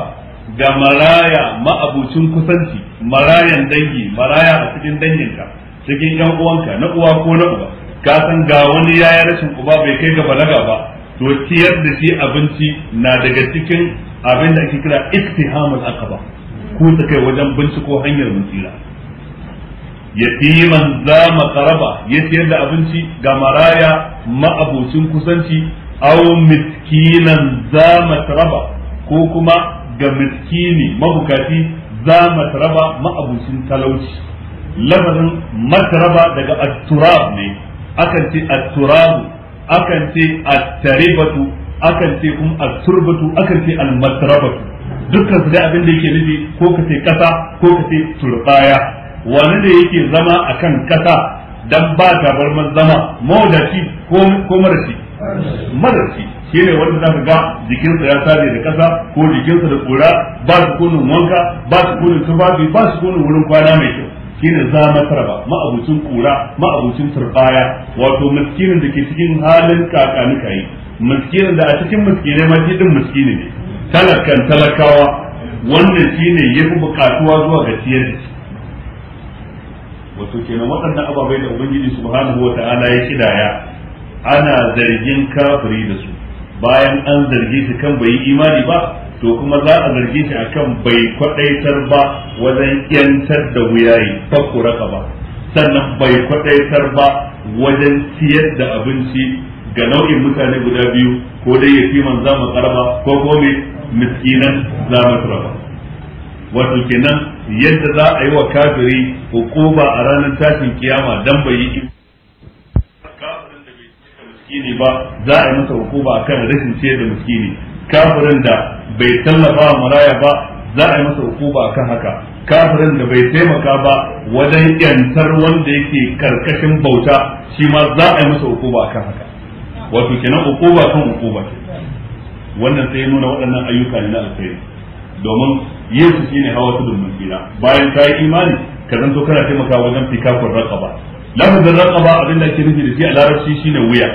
Speaker 1: ga maraya ma'abucin kusanci marayan dangi maraya a cikin danginka cikin yan uwanka na uwa ko na uba ka san ga wani yaya rashin uba bai kai ga balaga ba to ciyar da shi abinci na daga cikin abin da ake kira istihamul aqaba ku ta kai wajen binciko hanyar musira yatiman za makaraba ya yadda da abinci ga maraya ma'abucin kusanci aw miskinan za matraba ko kuma ga miskini mabukati za matraba ma'abucin talauci lafazin matraba daga at-turab ne akan ce at-turab akan ce at-taribatu akan ce kuma al turbatu akan ce al-matrabatu dukkan su da abin da yake nufi ko ka ce kasa ko ka ce turbaya wani da yake zama akan kasa dan ba tabarman zama mawadaci ko ko Marci marashi shine wanda za ka ga jikinsa ya sare da kasa ko jikinsa da kura ba su kono wanka ba su kono tufafi ba su kono wurin kwana mai kyau shine za matarba ma'abucin kura ma'abucin turbaya wato miskinin da ke cikin halin kakanika yi miskinin da a cikin miskinai ma shi din miskini ne talakan talakawa wannan shine yafi bukatuwa zuwa ga ciyar da wato kenan waɗannan ababai da ubangiji subhanahu wata'ala ya kidaya ana zargin kafiri da su bayan an zargi shi kan bai imani ba to kuma za a zargi shi akan bai kwadaitar ba wajen yantar da wuyayi raka ba sannan bai kwadaitar ba wajen ciyar da abinci ga nau'in mutane guda biyu ko dai yatiman za mu karaba ko ko mai miskinan za mu karaba wato kenan yadda za a yi wa kafiri hukuma a ranar tashin kiyama dan bai yi kafirin da bai cika miskini ba za a yi masa hukuma akan rashin ciyar da miskini kafirin da bai tallafa maraya ba za a yi masa hukuma akan haka kafirin da bai taimaka ba wajen yantar wanda yake karkashin bauta shi ma za a yi masa hukuma akan haka wato kenan ukuba kan ukuba wannan sai nuna waɗannan ayyuka ne na alkhairi domin Yesu shine hawa tudun mun bayan ka yi imani ka zanto kana taimaka wajen fikakun raqaba lafazin raqaba abin da ake nufi da shi a larabci shine wuya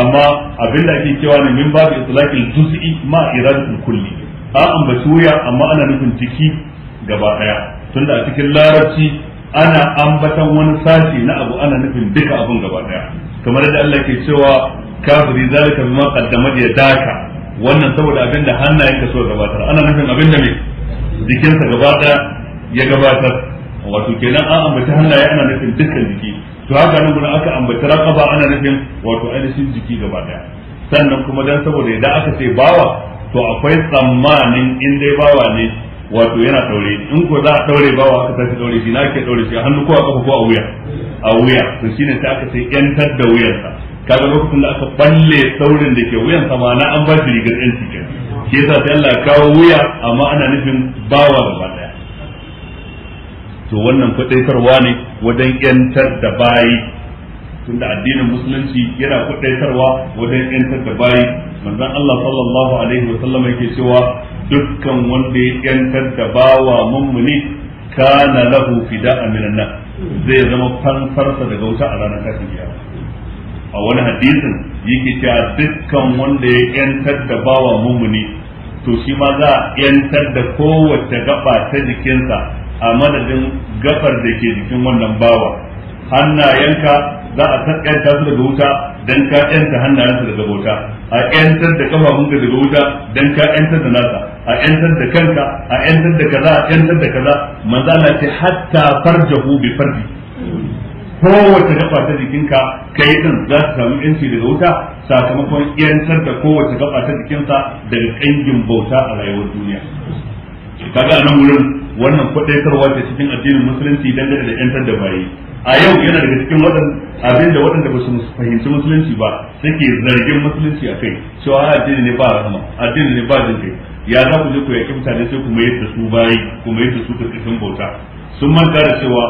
Speaker 1: amma abin da ake cewa ne min babu itlaqil juz'i ma iradatul kulli a ambaci wuya amma ana nufin ciki gaba daya tunda a cikin larabci ana ambatan wani sashi na abu ana nufin duka abun gaba daya kamar da Allah ke cewa kafiri zalika bima ya daka wannan saboda abinda hannayenka so gabatar ana nufin abinda me jikinsa gaba ya gabatar wato kenan an ambaci hannaye ana nufin dukkan jiki to haka nan gurin aka ambaci raqaba ana nufin wato ainihin jiki gaba sannan kuma dan saboda idan aka ce bawa to akwai tsammanin in dai bawa ne wato yana daure in ko za a daure bawa aka tashi daure shi na ke daure shi a hannu ko a kafa ko a wuya a wuya to shine sai aka ce yantar da wuyarsa kaga lokacin da aka balle saurin da ke wuyan sama na an ba shi rigar 'yan cikin, shi yasa sai Allah kawo wuya amma ana nufin bawa gaba daya to wannan kwadaitarwa ne wajen yantar da bayi tunda addinin musulunci yana kwadaitarwa wajen yantar da bayi manzon Allah sallallahu alaihi wa sallam yake cewa dukkan wanda ya yantar da bawa mummuni kana lahu fida'an minan zai zama fansarsa daga wuta a ranar kafin kiyama a wani hadisin yake cewa dukkan wanda ya yantar da bawa mumuni to shi ma za a yantar da kowace gaba ta jikinsa a madadin gafar da ke jikin wannan bawa hannayenka za a yanta su daga wuta dan ka yanta hannayensa daga wuta a yantar da kafafunka daga wuta dan ka yantar da nasa a yantar da kanka a yantar da kaza a yantar da kaza manzo Allah ce hatta farjahu bi farji kowace gaba ta jikinka kai din za su samu yanci daga wuta sakamakon yantar da kowace gaba ta jikinsa daga kangin bauta a rayuwar duniya kaga a nan wurin wannan kwadaitarwa ta cikin addinin musulunci dangane da yantar da bayi a yau yana daga cikin waɗanda abin da waɗanda ba su fahimci musulunci ba suke zargin musulunci a kai cewa addini ne ba rahama addini ne ba jinkai ya za ku je ku yaki mutane sai ku mayar da su bayi ku mayar da su cikin bauta sun manta da cewa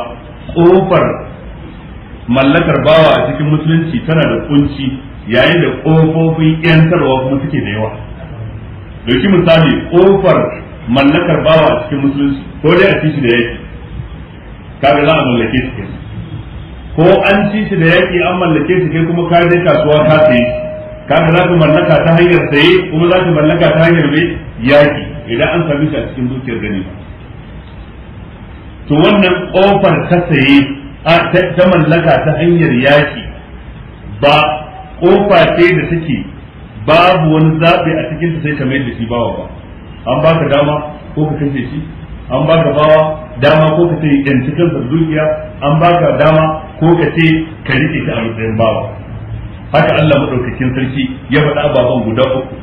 Speaker 1: kofar mallakar bawa a cikin musulunci tana da kunci yayin da kofofin yantarwa kuma suke da yawa doki misali kofar mallakar bawa a cikin musulunci ko dai a ci shi da yake kaga za a mallake kai ko an ci shi da yaƙi an mallake shi kai kuma ka je kasuwa ka sayi kaga za ka mallaka ta hanyar saye kuma za ka mallaka ta hanyar mai yaki idan an sami shi a cikin dukiyar gani to wannan kofar ta saye ta mallaka ta hanyar yaki ba kofa ce da take babu wani zaɓe a cikin sai ka mai da shi bawa ba an baka dama ko ka kashe shi an baka bawa dama ko ka ce yanci kansa dukiya an baka dama ko ka ce ka rike shi a matsayin bawa haka Allah madaukakin sarki ya faɗa ababen guda uku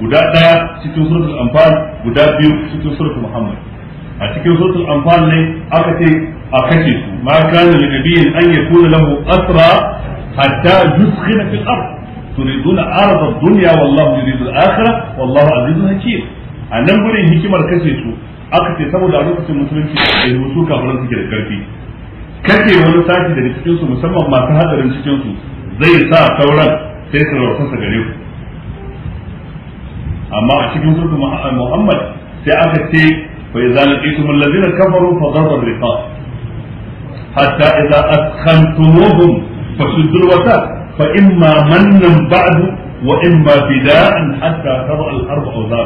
Speaker 1: guda ɗaya cikin suratul anfal guda biyu cikin suratul muhammad a cikin suratul anfal ne aka ce a kashe su ma kana li nabiyyin an yakuna lahu asra hatta yuskhina fil ard turiduna arda dunya wallahu yuridu al-akhirah wallahu azizun hakim a nan gurin hikimar kashe su aka ce saboda a lokacin musulunci da rubutu kafiran suke da karfi kashe wani sashi daga cikin su musamman masu hadarin cikin su zai sa sauran sai su rausa gare ku amma a cikin surtu muhammad sai aka ce fa idza laqitum allazina kafaru fa dharra hatta idza askantumuhum fashuddul wasa fa imma mannan ba'du wa imma fida'an hatta tada al-harb awzara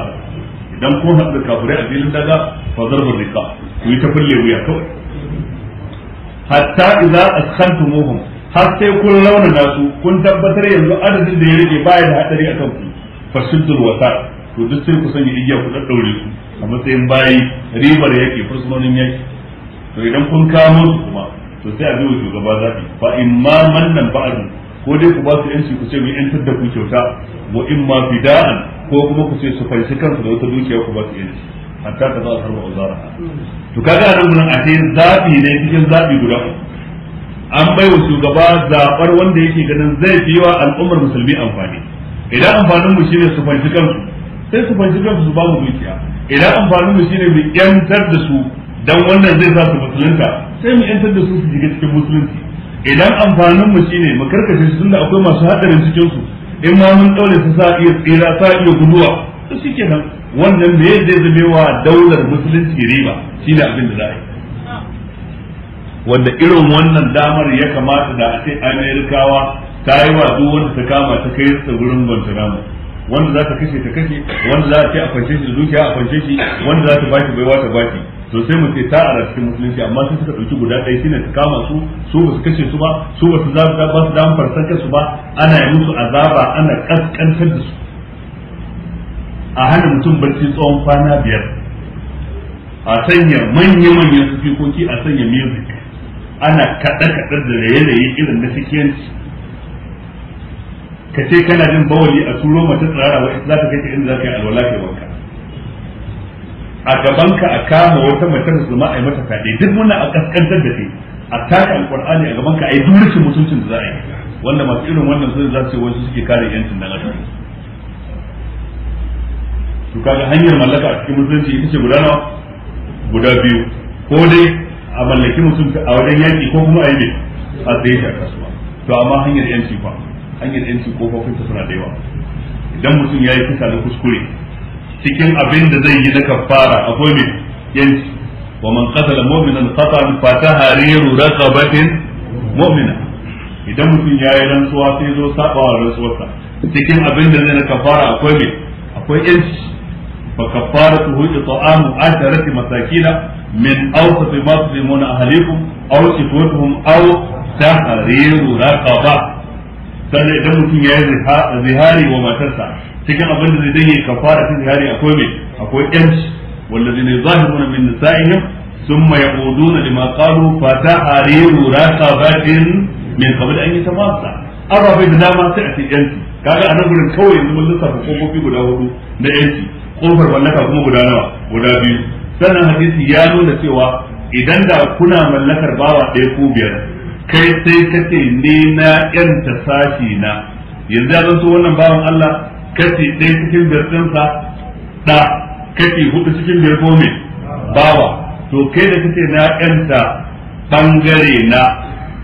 Speaker 1: idan kun haɗu kafirai a filin daga fa zarbul rika ku yi ta fulle wuya kawai hatta idza askantumuhum har sai kun launana su kun tabbatar yanzu adadin da ya rage baya da hadari akan ku fashuddul wasa to duk ku sanya igiya ku su a matsayin bayi ribar yake fursunonin yaki to idan kun kama kuma to sai a bi wa shugaba zaɓi fa in ma mannan ba'du ko dai ku ba su yanci ku ce mu yantar da ku kyauta wa in ma fida'an ko kuma ku ce su fanshi kansu da wata dukiya ku ba su yanci hatta ka za a harba uzara to kaga nan gurin a sai zaɓi ne cikin zaɓi guda an bai wa shugaba zaɓar wanda yake ganin zai fi wa al'ummar musulmi amfani idan amfanin mu shine su fanshi kansu sai su fanshi kansu su ba mu dukiya idan amfanin mu shine mu yantar da su dan wannan zai sa su musulunta sai mu yantar da su su shiga cikin musulunci idan amfanin mu shine mu karkace su tunda akwai masu hadarin cikin su in ma mun daure su sa iya tsira sa iya guduwa to nan wannan me zai zame wa daular musulunci riba shine abin da za a
Speaker 3: yi
Speaker 1: wanda irin wannan damar ya kamata da a ce amerikawa ta yi wa duk wanda ta kama ta kai su gurin guantanamo wanda za ta kashe ta kashe wanda za a ce a fanshe shi da dukiya a fanshe shi wanda za ta baki baiwa ta baki to sai mu ce ta a cikin musulunci amma sai suka dauki guda ɗaya shine su kama su su ba su kashe su ba su ba su za su ba su dan farsar su ba ana yi musu azaba ana kaskantar da su a hana mutum barci tsawon kwana biyar a sanya manya-manyan sufikoki a sanya music ana kaɗa kaɗa da raye-raye irin na sikiyanci ka ce kana jin bawali a turo mata tsirara wa za ta kai inda za ka yi alwala kai wanka a gaban ka a kama wata mace musulma a yi mata fyaɗe duk muna a kaskantar da ke a taka Alƙur'ani a gaban ka a yi durushin mutuncin da za a yi wanda masu irin wannan sun za su wasu suke kare yancin dan adam to kaga hanyar mallaka a cikin musulunci ita ce guda nawa guda biyu ko dai a mallaki mutunci a wajen yaki ko kuma a yi a tsaye shi kasuwa to amma hanyar yanci fa hanyar yanci ko kofin suna da yawa idan mutum ya yi kusa da kuskure cikin abin da zai yi na kafara akwai mai yanci wa man qatala mu'minan qatan fa tahriru raqabatin mu'mina idan mutum ya yi rantsuwa sai zo saba wa rantsuwarsa cikin abin da zai na kafara akwai mai akwai yanci fa kafaratuhu it'amu asharati masakina min awsat ma tusimuna ahlikum aw kifutuhum aw tahriru raqaba sannan idan mutum ya yi zihari wa matarsa cikin abin da zai dai fara ta zihari akwai mai akwai yanci wallazina yuzahiruna min nisa'ihim thumma yaquduna lima qalu fa tahriru raqabatin min qabl an yatamassa arabai da dama sai a yanci kaga anan gurin kawai yanzu mun lissafa kofofi guda hudu na yanci kofar mallaka kuma guda nawa guda biyu sannan hadisi ya nuna cewa idan da kuna mallakar bawa ɗaya ko biyar kai sai kace ne na yanta sashi na yanzu ya so wannan bawan Allah kashi ɗaya cikin biyar ɗa kashi hudu cikin biyar bawa to kai da kake na ƴanta bangare na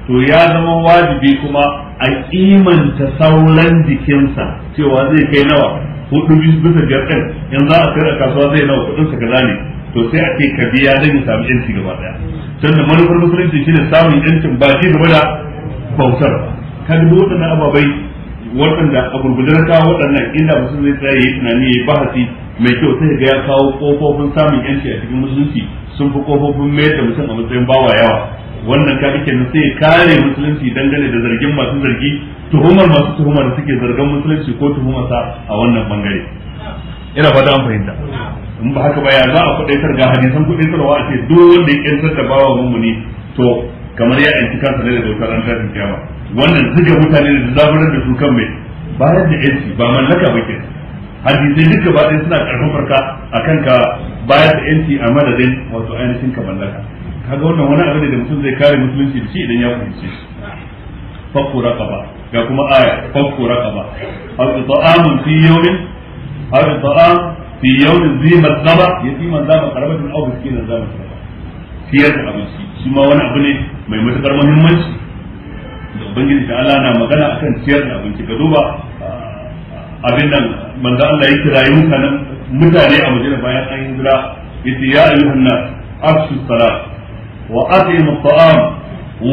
Speaker 1: to ya zama wajibi kuma a imanta sauran jikinsa cewa zai kai nawa hudu bisa biyar ɗin in za a kai a kasuwa zai nawa kuɗinsa kaza ne to sai a ce ka biya zai ya samu yanci gaba daya sannan da manufar musulunci shine samun yancin ba ci gaba da bautar kan duk wadannan ababai waɗanda a gurgudan kawo waɗannan inda mutum zai yi tunani ya yi bahasi mai kyau sai ga ya kawo kofofin samun yanci a cikin musulunci sun fi kofofin mayar da mutum a matsayin bawa yawa wannan ka ake nan sai kare musulunci dangane da zargin masu zargi tuhumar masu tuhumar da suke zargan musulunci ko tuhumarsa a wannan bangare ina fata an fahimta in ba haka ba ya za a kudaitar ga hadisan kudaitarwa a ce duk wanda ya kyantar da bawa mummuni to kamar ya yanci kansa ne da dokar an tashin kiyama wannan zuga mutane da zaburar da su kan mai bayar da yanci ba mallaka ba ke hadisai duka ba suna karfafar a kan ka bayar da yanci a madadin wato ainihin ka mallaka kaga wannan wani abu da mutum zai kare musulunci da shi idan ya fahimci fakku raqaba ga kuma aya fakku raqaba aw ta'amun fi yawmin aw ta'am fi yawmin zi masaba yatiman zama qarabatun aw miskinan zama saba fiyar da abinci shi ma wani abu ne mai matukar muhimmanci ubangiji ta ala na magana akan ciyar da abinci ka duba
Speaker 3: ah,
Speaker 1: abin nan manzo Allah ya kira yi mutane a madina bayan an hijira yace ya ayyuhan nas afsu salat wa atimu at-ta'am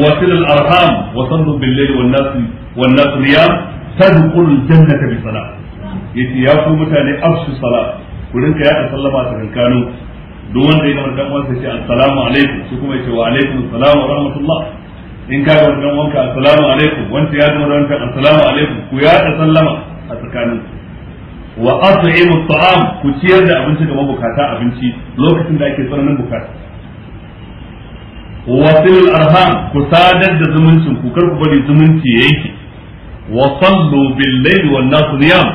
Speaker 1: wa sil al-arham wa sallu bil-layli wan-nas wan-nas niyam tadkhulu al-jannata bi salat yace ya ku mutane afsu salat ku rinka ya sallama ta rinkanu duk wanda ya gama dan uwansa ce assalamu alaikum su kuma yace wa alaikum assalam wa rahmatullah in ka ga wannan wanka assalamu alaikum wanda ya ga wannan assalamu alaikum ku ya ta sallama a tsakanin wa at'imu at'am ku ciyar da abinci ga mabukata abinci lokacin da ake tsananin bukata wasil arham ku sadar da zumuncin ku kar ku bari zumunci ya yanke wa sallu bil layli wan nas niyam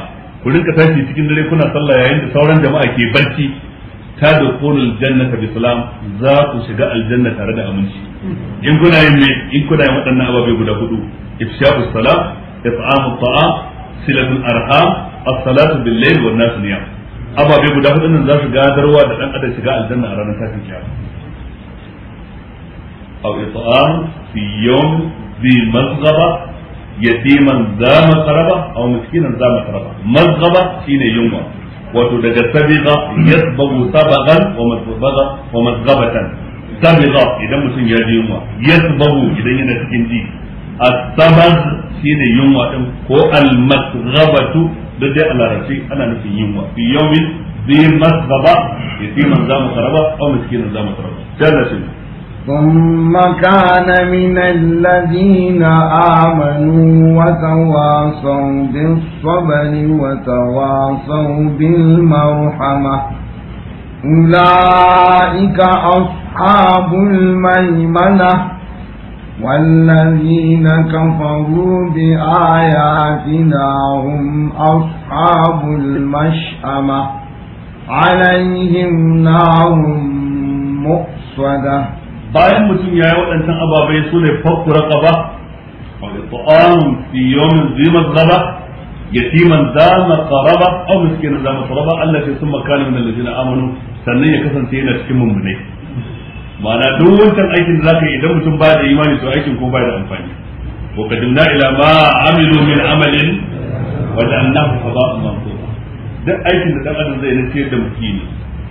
Speaker 1: ku rinka tashi cikin dare kuna sallah yayin da sauran jama'a ke barci tadkhulul jannata bi salam za ku shiga aljanna tare da aminci in kuna yin me in kuna yin waɗannan ababe guda hudu ifsha'us salat it'amut ta'am silatul arham as-salatu bil layl wan nas niyam ababe guda hudu nan za su gadarwa da dan adam shiga aljanna a ranar tashin kiyama aw it'am fi yawm bi mazghaba yatiman za masaraba aw miskinan za masaraba mazghaba shine yunwa wato daga sabiga yasbagu sabagan wa masbaga sabiga idan mutum ya ji yunwa yasbagu idan yana cikin ji sabag shine yunwa din ko al-masgabatu da dai a larabci ana nufin yunwa fi yawmin bi masgaba ثم
Speaker 2: كان من الذين آمنوا وتواصوا بالصبر وتواصوا بالمرحمة أولئك أصحاب الميمنة والذين كفروا بآياتنا هم أصحاب المشأمة
Speaker 1: عليهم نار مؤصده bayan mutum ya yi waɗancan ababai su ne fakku raqaba aw it'am fi yawmin zima zaba Ya yatiman za maqaraba aw miskinan za maqaraba Allah ya summa kana min alladhina amanu sannan ya kasance yana cikin mummune ma'ana duk wancan aikin da zaka yi idan mutum ba da imani to aikin ko ba da amfani wa qadimna ila ma amilu min amalin wa ja'alnahu haba'an mansura duk aikin da dan adam zai na ciyar da miskini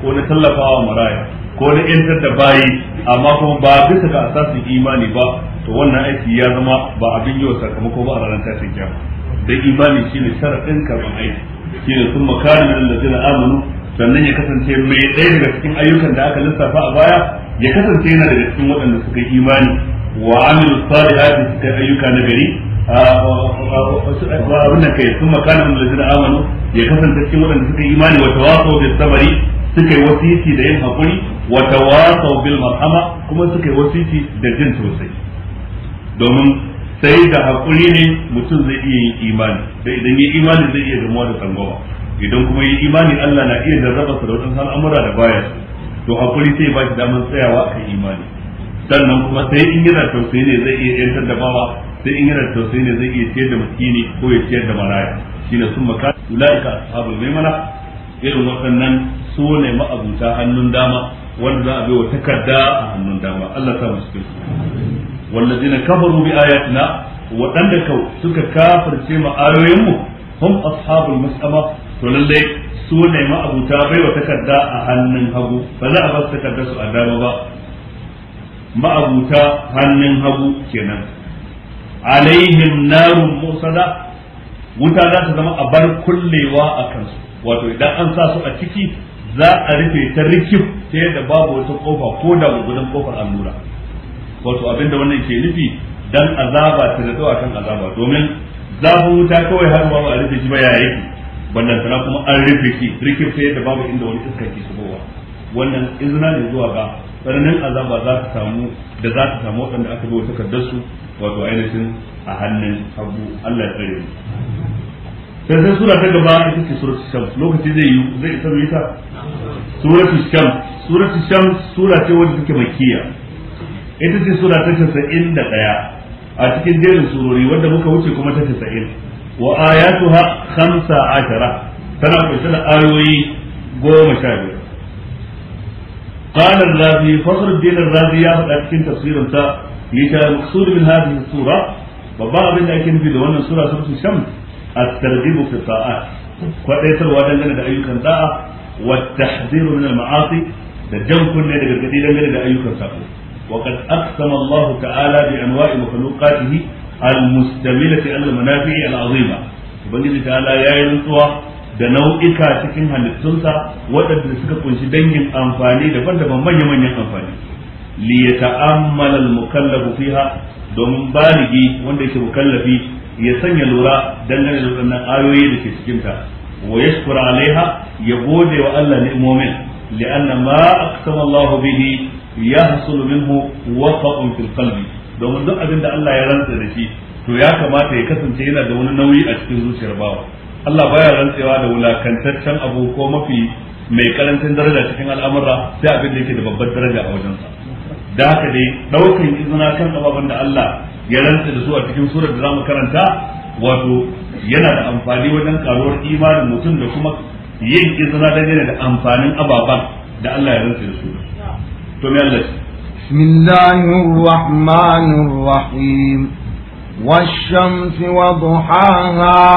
Speaker 1: ko na tallafa tallafawa maraya ko na yantar da bayi amma kuma ba bisa ga asasin imani ba to wannan aiki ya zama ba abin yi wa sakamako ba a ranar tashin kyan da imani shine sharaɗin karɓar aiki shine sun makarin da min zina amanu sannan ya kasance mai ɗaya daga cikin ayyukan da aka lissafa a baya ya kasance yana daga cikin waɗanda suka yi imani wa amilu salihati suka yi ayyuka na gari abin da kai sun makana min zina amanu ya kasance cikin waɗanda suka yi imani wa wasu bis samari. suka yi wasiti da yin hakuri wa tawasaw bil marhama kuma suka yi wasiti da jin tausayi domin sai da hakuri ne mutum zai iya yin imani da idan yi imani zai iya gamuwa da tsangwama idan kuma yi imani Allah na iya jarraba su da wasu al'amura da baya to hakuri sai ba shi damar tsayawa kan imani sannan kuma sai in yana tausayi ne zai iya yantar da bawa sai in yana tausayi ne zai iya ciyar da miskini ko ya ciyar da maraya shine sun maka ulaika ashabul maimana irin waɗannan su ne ma'abuta hannun dama wanda za a bai wa takarda a hannun dama Allah ta masu kai wallazina kafaru bi ayatina waɗanda kau suka kafirce ma ayoyinmu hum ashabul mas'ama to lalle su ne ma'abuta bai wa takarda a hannun hagu ba za a ba su takarda su a dama ba ma'abuta hannun hagu kenan alaihim narun musada wuta za ta zama a bar kullewa a kansu wato idan an sa su a ciki za a rufe ta rikif ta yadda babu wata kofa ko da gudun kofar allura wato abinda wannan ke nufi dan azaba ta da kan azaba domin zafin wuta kawai har ba a rufe shi ba yayi wannan sana kuma an rufe shi rikif ta yadda babu inda wani iska ke shigowa wannan izina ne zuwa ga tsananin azaba za ta samu da za ta samu waɗanda aka bi takardar su wato ainihin a hannun abu Allah ya tsare mu sai sai sura ta gaba ita ce sura shams lokaci zai yi zai isa mai ita sura shams sura shams sura ce wadda take makiya ita ce sura ta casa'in da daya a cikin jerin surori wadda muka wuce kuma ta casa'in wa ayatu ha hamsa ashara tana kunshe da ayoyi goma sha biyar qala allazi fasar din allazi ya faɗa cikin tafsirin ya yi ta maqsud min hadhihi sura babban abin da ake nufi da wannan sura sura shams at-targhib fi sa'at kwadaitarwa dangane da ayyukan da'a wa tahdhir min maasi da jan kunne da gargadi dangane da ayyukan sako wa qad aqsama Allah ta'ala bi anwa'i makhluqatihi al-mustamilati al-manafi'i al-azima ubangiji ta'ala yayin rantsuwa da nau'ika cikin halittunsa waɗanda suka kunshi dangin amfani daban-daban manya-manyan amfani li yata'ammala al-mukallafu fiha domin baligi wanda yake mukallafi ya sanya lura dangane da waɗannan ayoyi da ke cikinta. Wa ya yashkura alaiha ya gode wa Allah ni'momin li'anna ma aqsama Allah bihi yahsul minhu waqa'un fil qalbi domin duk abin da Allah ya rantsa da shi to ya kamata ya kasance yana da wani nauyi a cikin zuciyar bawa Allah baya rantsewa da wulakantaccen abu ko mafi mai karancin daraja cikin al'amura sai abin da yake da babbar daraja a wajensa da haka dai daukan izina kan ababen da Allah ya rantsa da su a cikin surar da zamu karanta wato yana da amfani wajen karuwar imanin mutum da kuma yin izina dangane da amfanin ababan da Allah ya rantsa da su to me Allah بسم الله
Speaker 2: الرحمن الرحيم والشمس وضحاها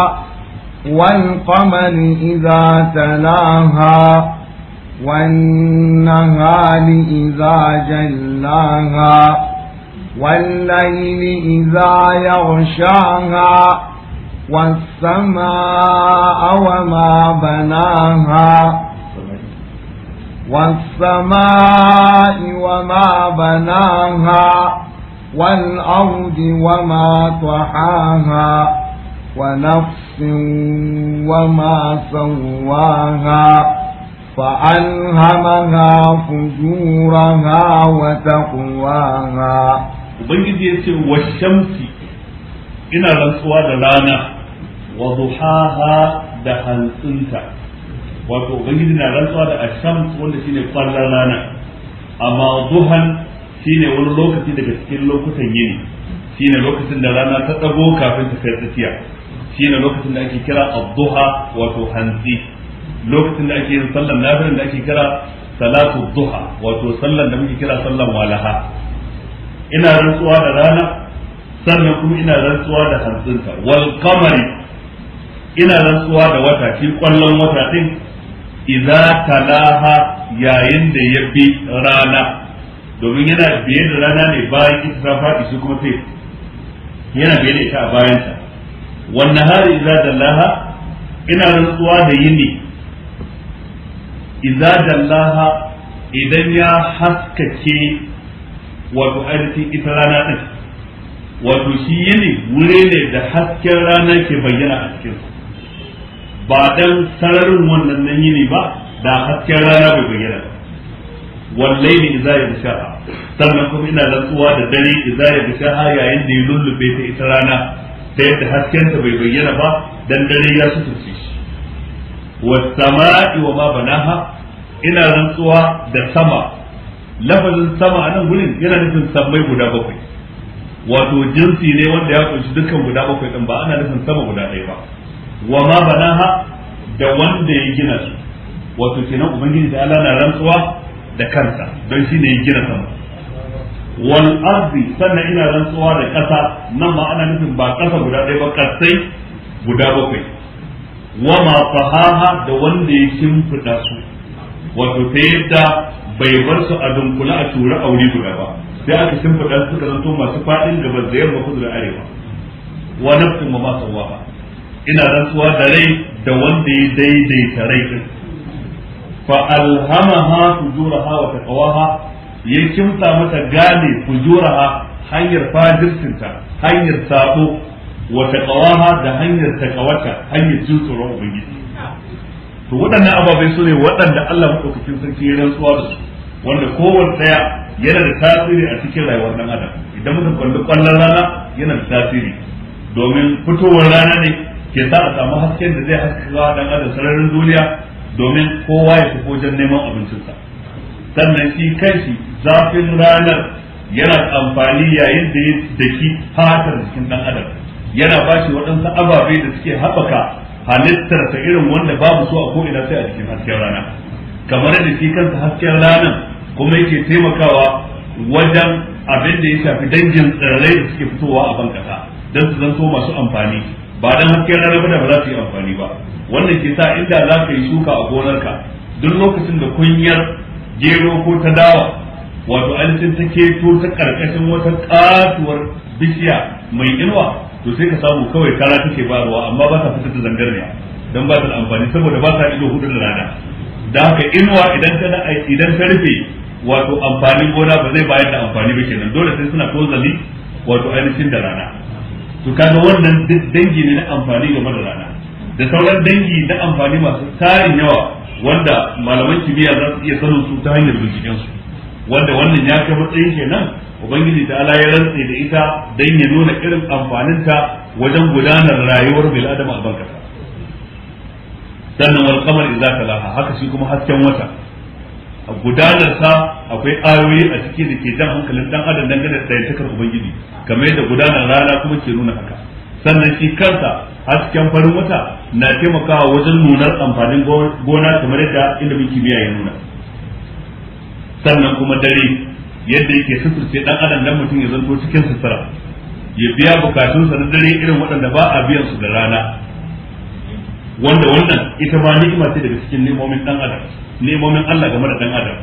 Speaker 2: والقمر إذا تلاها والنهار إذا جلاها والليل إذا يغشاها والسماء وما بناها والسماء وما بناها والأرض وما طحاها ونفس وما سواها فألهمها فجورها وتقواها
Speaker 1: ubangiji ya ce wa shamsi ina rantsuwa da rana wa duhaha da hantsinta wato ubangiji na rantsuwa da ashams wanda shine kwallon rana amma duhan shine wani lokaci daga cikin lokutan yini shine lokacin da rana ta tsago kafin ta kai tsakiya shine lokacin da ake kira ad wato hantsi lokacin da ake yin sallar nafilan da ake kira salatu duha wato sallan da muke kira sallar walaha ina rantsuwa da rana sannan kuma ina rantsuwa da hantsinta wal kamari ina rantsuwa da wata shi kwallon wata din idza talaha yayin da ya bi rana domin yana biye da rana ne bayan ita ta faɗi shi kuma sai yana biye da ita a bayanta wan nahari idza dallaha ina rantsuwa da yini idza dallaha idan ya haskake wato ainihin ita rana ɗin? wato shi yini wuri ne da hasken rana ke bayyana a cikin ba dan sararin wannan nan yini ba da hasken rana bai bayyana ba wallaili idza yabsha sannan kuma ina rantsuwa da dare idza yabsha yayin da ya lullube ta ita rana ta yadda haskenta bai bayyana ba dan dare ya su shi Wasu sama'i wa ma banaha ina rantsuwa da sama lafazin sama a nan gurin yana nufin sammai guda bakwai wato jinsi ne wanda ya kunshi dukkan guda bakwai din ba ana nufin sama guda ɗaya ba wa ma banaha da wanda ya gina su wato kenan ubangiji da Allah na rantsuwa da kansa don shi ne ya gina sama wal ardi sannan ina rantsuwa da ƙasa nan ma ana nufin ba kasa guda ɗaya ba kasai guda bakwai wa ma fahaha da wanda ya shimfiɗa su wato ta yadda bai bar su a dunkula a tura a wuri guda ba sai aka shimfiɗa suka zanto masu faɗin gaba da yamma kudu da arewa wa nafsin ma ba ina rantsuwa da rai da wanda ya daidaita rai din fa alhamaha fujuraha wa taqwaha ya kimta mata gane fujuraha hanyar fajircinta hanyar sabo wa taqwaha da hanyar takawata hanyar jin tsoron ubangiji to waɗannan ababai su ne waɗanda Allah maɗaukakin sarki ya rantsuwa da su wanda kowanne ɗaya yana da tasiri a cikin rayuwar ɗan adam idan mutum kwalli kwallon rana yana da tasiri domin fitowar rana ne ke sa a samu hasken da zai haske zuwa ɗan adam sararin duniya domin kowa ya tafi wajen neman abincinsa sannan shi kanshi zafin ranar yana amfani yayin da ya daki fatar jikin ɗan adam yana ba shi waɗansu ababai da suke haɓaka halittar ta irin wanda babu so a ina sai a cikin hasken rana kamar da shi kansa hasken ranan kuma yake taimakawa wajen abin da ya shafi dangin tsirrai da suke fitowa a ban don su zanto masu amfani ba dan hasken rana ba da ba za su yi amfani ba wannan ke sa inda za ka yi shuka a gonarka duk lokacin da kunyar gero ko ta dawa wato ainihin ta keto ta karkashin wata katuwar bishiya mai inuwa to sai ka samu kawai kara take bayarwa amma ba ta fitar da zangarniya dan ba ta da amfani saboda ba ta ido da rana da haka inuwa idan ta idan ta rufe wato amfanin gona ba zai bayar da amfani ba kenan dole sai suna tozali wato ainihin da rana to kaga wannan dangi ne na amfani game da rana da sauran dangi na amfani masu tarin yawa wanda malaman kimiyya za su iya sanin su ta hanyar binciken su wanda wannan ya kai matsayin kenan ubangiji ta ala ya rantse da ita dan ya nuna irin amfaninta wajen gudanar rayuwar bil adama a sannan wal idza talaha haka shi kuma hasken wata a gudanar sa akwai ayoyi a ciki da ke jan hankalin dan adam dangane da dayantakar ubangiji kamar yadda gudanar rana kuma ke nuna haka sannan shi kansa hasken farin wata na taimakawa wajen nunar amfanin gona kamar yadda ilimin kimiyya ya nuna sannan kuma dare yadda yake suturce dan adam dan mutum ya zanto cikin sutura ya biya bukatunsa na dare irin waɗanda ba a biyan su da rana wanda wannan ita ma ni'ima ce daga cikin nemomin dan adam nemomin Allah game da dan adam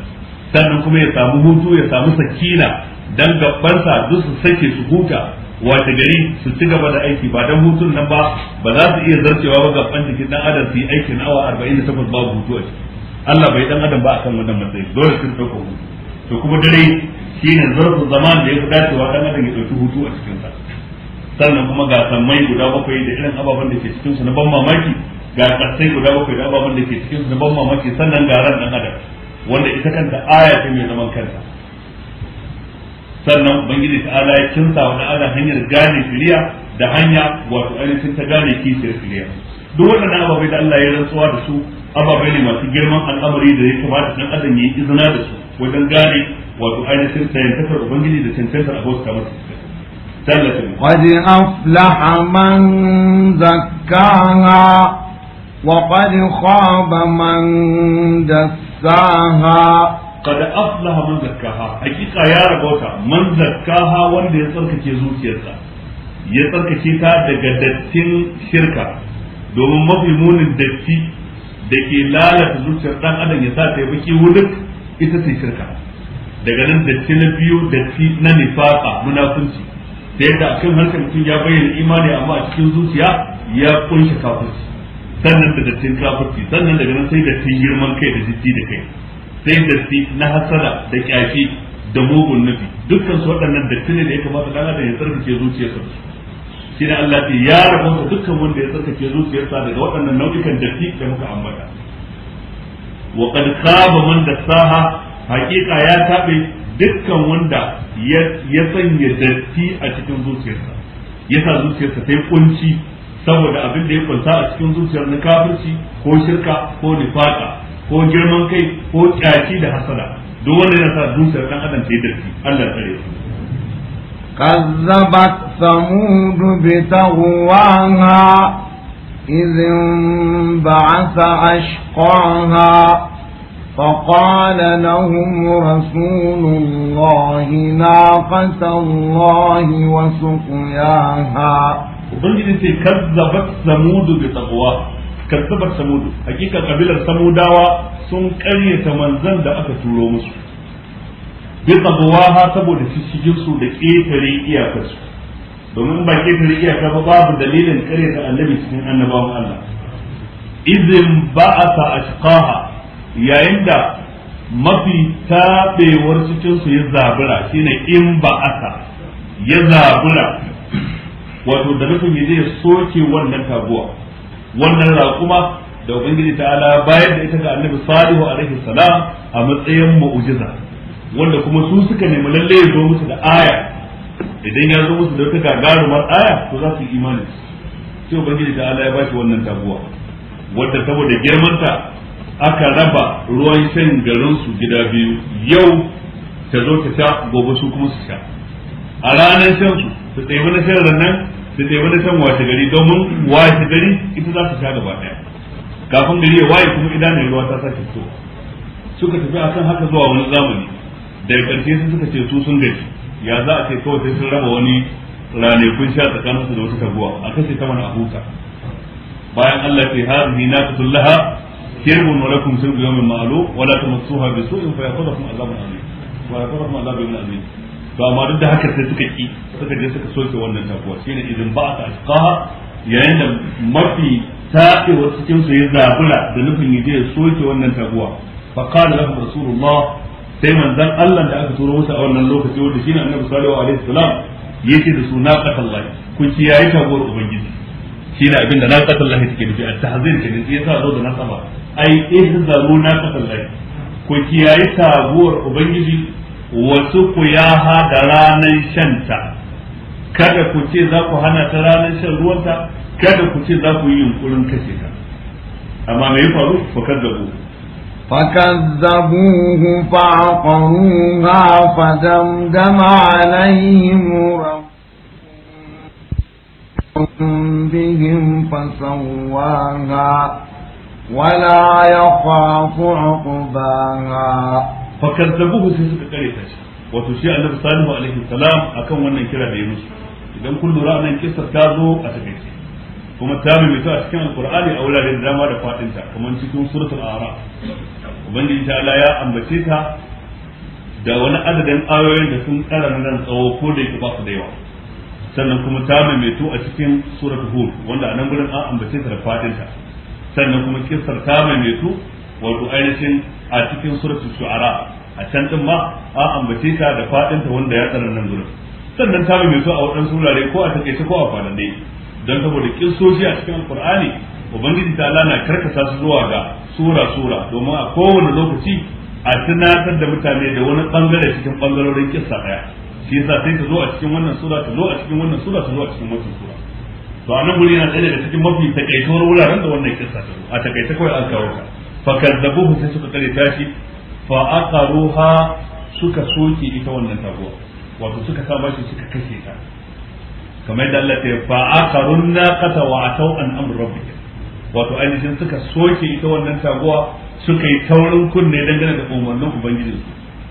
Speaker 1: sannan kuma ya samu hutu ya samu sakina dan sa duk su sake su huta wata gari su ci gaba da aiki ba dan hutun nan ba ba za su iya zarcewa ba gabban jikin dan adam su yi aikin awa 48 babu hutu a ciki Allah bai dan adam ba akan wannan matsayi dole sun dauko hutu to kuma dare ne zarfin zaman da ya fi dacewa dan adam ya ɗauki hutu a cikin sa sannan kuma ga sammai guda bakwai da irin ababen da ke cikin su na ban mamaki ga ƙasai guda bakwai da ababen da ke cikin su na ban mamaki sannan ga ran dan adam wanda ita kanta aya ce mai zaman kanta sannan ubangiji ta ala ya kinsa wa dan adam hanyar gane shiriya da hanya wato ainihin ta gane kishiyar shiriya duk waɗannan ababai da Allah ya rantsuwa da su ababai ne masu girman al'amari da ya kamata dan adam ya yi izina da su wajen gane wato ainihin cancantar ubangiji da cancantar abota masa قد أفلح man
Speaker 2: زكاها وقد خاب من دساها
Speaker 1: قد أفلح من زكاها حقيقة يا ربوتا من زكاها وند يتركك يزوكيتها يتركك تا دقدتين شركة domin mafi munin datti da ke lalata zuciyar dan adam ya sa ta yi baki ita ce shirka daga nan datti na biyu datti na nifaka munafunci da yadda a cikin harshen mutum ya bayyana imani amma a cikin zuciya ya kunshi kafirci sannan da dattin kafirci sannan daga nan sai ci girman kai da jiddi da kai sai datti na hasara da kyashi da mugun nufi dukkan su waɗannan datti ne da ya kamata dan adam ya tsarkake zuciyarsa shi ne Allah ya rabonta dukkan wanda ya tsarkake zuciyarsa daga waɗannan nau'ikan datti da muka ambata wa qad khaba man dassaha hakika ya tabe dukkan wanda ya sanya datti a cikin zuciyarsa yasa zuciyarsa ta yi kunci saboda abin da ya kunsa a cikin zuciyar na kafirci ko shirka ko nifaka ko girman kai ko kyaki da hasada duk wanda yana sa zuciyar dan adam ta yi datti Allah tsare su كذبت ثمود بتغواها
Speaker 2: إذ انبعث أشقاها فقال لهم رسول الله ناقة
Speaker 1: الله وسقياها ubangiji sai kazzabat samudu bi taqwa kazzabat samudu hakika kabilar samudawa sun karyata manzan da aka turo musu bi taqwaha saboda shishigin su da ƙetare iyakarsu domin ba ke tare ta ba babu dalilin kare da annabi cikin annabawan Allah izin a ashqaha yayin da mafi tabewar cikin su ya zabura shine in ba'atha ya zabura wato da nufin ya zai soke wannan taguwa wannan raƙuma da ubangiji ta'ala bayan da ita ga annabi salihu alaihi salam a matsayin mu'jiza wanda kuma su suka nemi lalle ya zo musu da aya idan ya zo musu da wata gagarumar aya to za su yi imani sai ubangiji ta Allah ya bashi wannan taguwa wadda saboda girmanta aka raba ruwan shan garin su gida biyu yau ta zo ta sha gobe su kuma su sha a ranar shan su su tsaye na shan rannan su tsaye na shan washe gari domin washe gari ita za su sha gaba daya kafin gari ya waye kuma ne ruwa ta sake fito suka tafi akan haka zuwa wani zamani daga ƙarshe sun suka ce su sun gaji ya za a ce kawai sai sun raba wani ranakun sha tsakanin su da wata taguwa a kashe ta mana a huta bayan Allah ce hadhihi naqatul laha kirbun wa lakum sirbu yawmin ma'lum wa la tamassuha bi su'in fa yaqadakum azabun alim wa yaqadakum azabun alim to amma duk da haka sai suka ki suka je suka soke wannan taguwa shine idan ba ta asqaha yayin da mafi tafi wasu cikin su ya zabula da nufin ya yaje soke wannan taguwa fa qala lahum rasulullah sai manzon Allah da aka turo masa a wannan lokaci wanda shine annabi sallallahu alaihi wasallam yace da su naqatallahi kun ci yayi tagowar ubangiji shine abin da naqatallahi take nufi at-tahzir kenan sai yasa zo da nasaba ai ihzaru naqatallahi ku kiyaye sabuwar ubangiji wasu ku ya hada ranar shanta kada ku ce za ku hana ta ranar shan ruwanta kada ku ce za ku yi yunkurin kashe ta amma me ya faru fa kaddabu فكذبوه
Speaker 2: فعقروها فدمدم عليهم ربهم بهم فسواها ولا يخاف عقباها
Speaker 1: فكذبوه سيسك قريتا wato shi annabi salihu alaihi salam akan wannan kira da ya musu idan kun lura nan kissar ta zo a takaice kuma ta mai a cikin alqur'ani a wuraren zama da faɗinta, kamar cikin suratul a'raf ubangiji ta Allah ya ambace ta da wani adadin ayoyin da sun tsara nan tsawo ko da yake ba su da yawa sannan kuma ta maimaito a cikin suratul hud wanda a nan gurin an ambace ta da fadin ta sannan kuma kissar ta maimaito wato ainihin a cikin suratul shu'ara a can din ma an ambace ta da fadin ta wanda ya tsara nan gurin sannan ta maimaito a waɗansu wurare ko a take ko a dai don saboda kissoji a cikin alqur'ani ubangiji ta Allah na karkasa su zuwa ga sura sura domin a kowane lokaci a tunatar da mutane da wani bangare cikin bangarorin kissa daya shi yasa sai ta zo a cikin wannan sura ta zo a cikin wannan sura ta zo a cikin wannan sura to anan guri yana tsaye daga cikin mafi takaituwar wuraren da wannan kissa ta zo a takaita kawai an kawo ta fa kazzabuhu sai suka kare tashi fa aqaruha suka soke ita wannan taguwa wato suka sa bashi suka kashe ta kamar yadda Allah ta yi fa aqarun naqata wa ataw an amr rabbika wato ainihin suka soke ita wannan taguwa suka yi taurin kunne dangane da umarnin ubangiji su